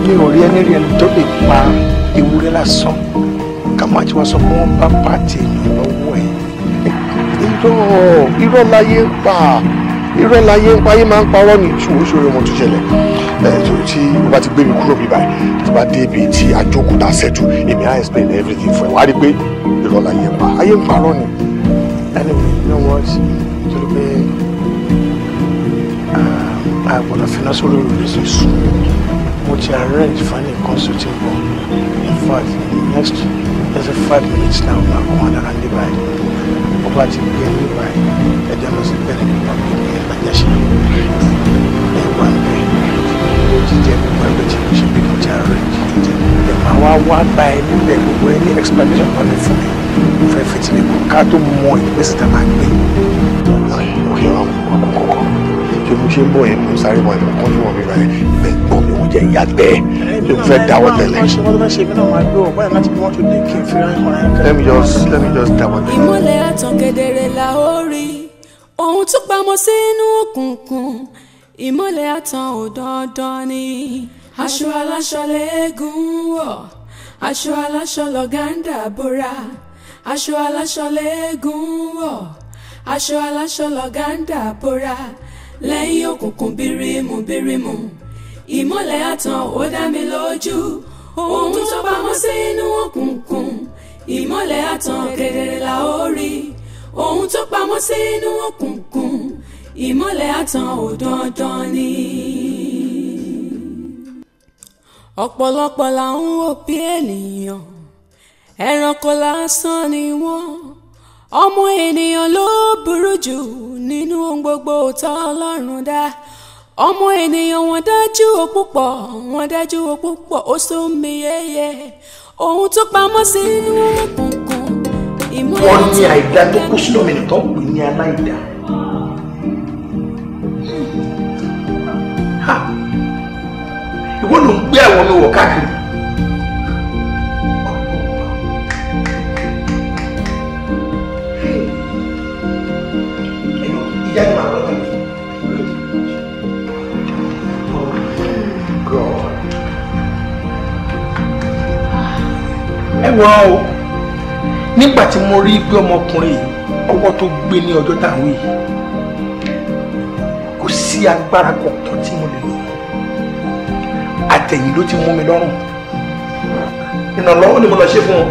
mi ò rí ẹni rí ẹni tó lè pa ewúrẹ́ lásán ká má ti wá sọ pé wọ́n bá pàtì èèyàn lọ́wọ́ ẹ̀ irọ́ irọ́ láyé pa irọ́ láyé ń payé máa ń parọ́ ní ìṣòro ìṣòro ọmọ tó ṣẹlẹ̀ ẹ̀ẹ́dùn tí o bá ti gbé mi kúrò bí báyìí tí bá dé ibi tí àjókòtà ṣẹ́jú èmi á explain everything fún ẹ wá rí pé irọ́ láyé ń pa ayé ń parọ́ ni. anyway no worries torí pé ah, a gbọ́dọ̀ fi náà sórí olùdíje sùn mo ti arrange fani consulting board in fact next there's a five minutes now na kún àdàrà níbàyìí bá ti gbé ní báyìí ẹjọ́ lọ sí bẹ̀rẹ̀ nípa gbogbo ẹ̀ lájàṣe ẹ̀ wà níbẹ̀ ó ti jẹ́ gbogbo ẹgbẹ́ tí mo ṣe bí kọjá rẹ̀ ẹ̀ máa wá wá gba ẹ níbẹ̀ gbogbo ẹ ní explanation kan ní fún mi mo fẹ́ fi tilẹ̀ kọ́ ká tó mọ ìgbésẹ̀ tá a máa gbé. ọ̀hìn ọ̀hún ọ̀kọ̀ọ̀kọ̀ ṣé mo ṣe ń bọ̀ yẹn mo sáré bọ̀ yẹn mo kọ́ níwọ̀n mi rẹ̀ bẹ́ẹ̀ gbọ́ mi ò jẹ́ ìyá tẹ́ ẹ̀ mi ò fẹ́ dáwọ́ tẹ́lẹ̀. let me just let me just dáwọ́ tẹ́lẹ̀. ìmọ́lẹ̀ àtàn kedere la ó rí ohun tó pamọ́ sínú òkùnkùn ìmọ́lẹ̀ àtàn ò dandan ni aṣọ aláṣọ léegun wọ̀ aṣọ aláṣọ lọ́gáńdà bóra aṣọ aláṣọ léegun wọ̀ aṣọ aláṣọ lọ́gáńdà bóra lẹ́yìn òkùnkùn bírímù bírímù ìmọ́lẹ̀ àtàn ó dá mi lójú ohun tó pamọ́ sínú òkùnkùn ìmọ́lẹ̀ àtàn kedere la ó rí ohun tó pamọ́ sínú òkùnkùn ìmọ́lẹ̀ àtàn ò dandan ni. ọ̀pọ̀lọpọ̀ là ń wò bí ènìyàn ẹranko lásán ni wọ́n ọmọ ènìyàn ló burú jù nínú gbogbo tá Ọlọ́run dá ọmọ ènìyàn wọn dájú o púpọ̀ wọn dájú o púpọ̀ ó sún mi yẹ́yẹ́ ohun tó pamọ́ sí inú òkùnkùn ìmúlẹ̀ ní àìdá tó kù sínú mi nìkan pè ní aláìdá. ìwọ ló ń gbé àwọn mi wọ̀ káàkiri. ìyá ìmọ̀ wọ́n o nígbà tí mo rí pé ọmọkùnrin ọwọ́ tó gbé ní ọjọ́ tá à ń wí kò sí agbára kankan tí mo lè lò àtẹ̀yìn ló ti mú mi lọ́rùn ìrànlọ́wọ́ ni mo lọ ṣe fún ọ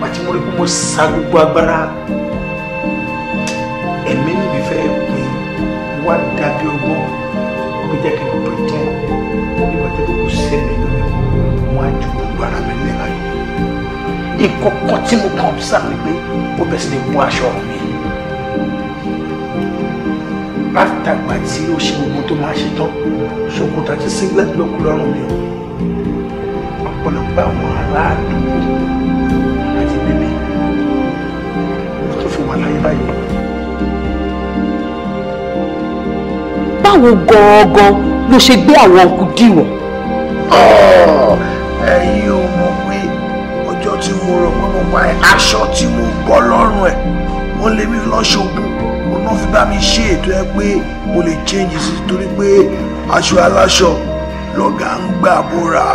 pàtí mo rí pé mo sa gbogbo agbára ìkọ̀kọ̀ tí mo kàn sá mi pé ó bẹ̀rẹ̀ sí ní bọ́ aṣọ mi látàgbà tí ó ṣe gbogbo tó máa ṣe tán ṣòkòtà tí singlet ló kú lọ́rùn mi o ọ̀pọ̀lọpọ̀ àwọn aráàlú àti bèbè tó fi wà láyé báyìí. báwo gangan ló ṣe gbé àwọn ọkùnrin dìwọ̀n. ẹ̀yin ò mọ̀ tí mo rò pé mo máa aṣọ tí mo bọ́ lọ́rùn ẹ̀ wọ́n lé mi lọ ṣoògùn náà fi bá mi ṣe ètò ẹ pé mo lè change sí torí pé aṣọ aláṣọ lọ́gà ń gbà bóra.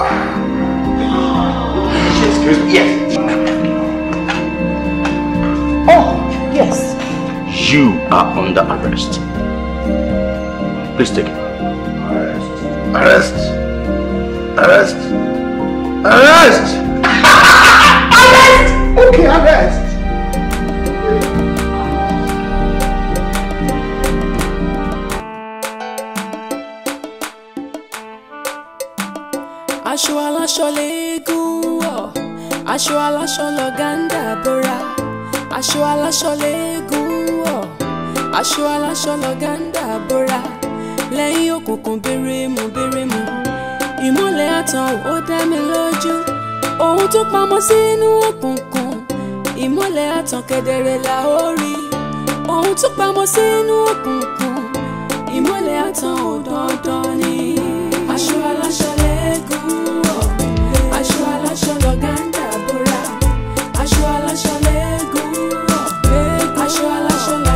Yes. Oh, yes. You are under arrest. Please take it. Arrest. Arrest. Arrest. Arrest! broken harvest. aṣọ aláṣọ léegun wọ̀ aṣọ aláṣọ lọ̀gáńdà bora aṣọ aláṣọ léegun wọ̀ aṣọ aláṣọ lọ̀gáńdà bora lẹ́yìn òkùnkùn bérémù bérémù ìmọ́lẹ̀ àtàn ó dá mi lójú ohun tó pamọ́ sínú òkùnkùn ìmọ́lẹ̀ àtàn kedere la ó rí ohun tó pamọ́ sínú òkùnkùn ìmọ́lẹ̀ àtàn ò dandan ni. aṣọ aláṣọ lẹ́gùn ọ̀ aṣọ aláṣọ lọ́gá ń dàbúrà aṣọ aláṣọ lẹ́gùn ọ̀ aṣọ aláṣọ lọ́gá.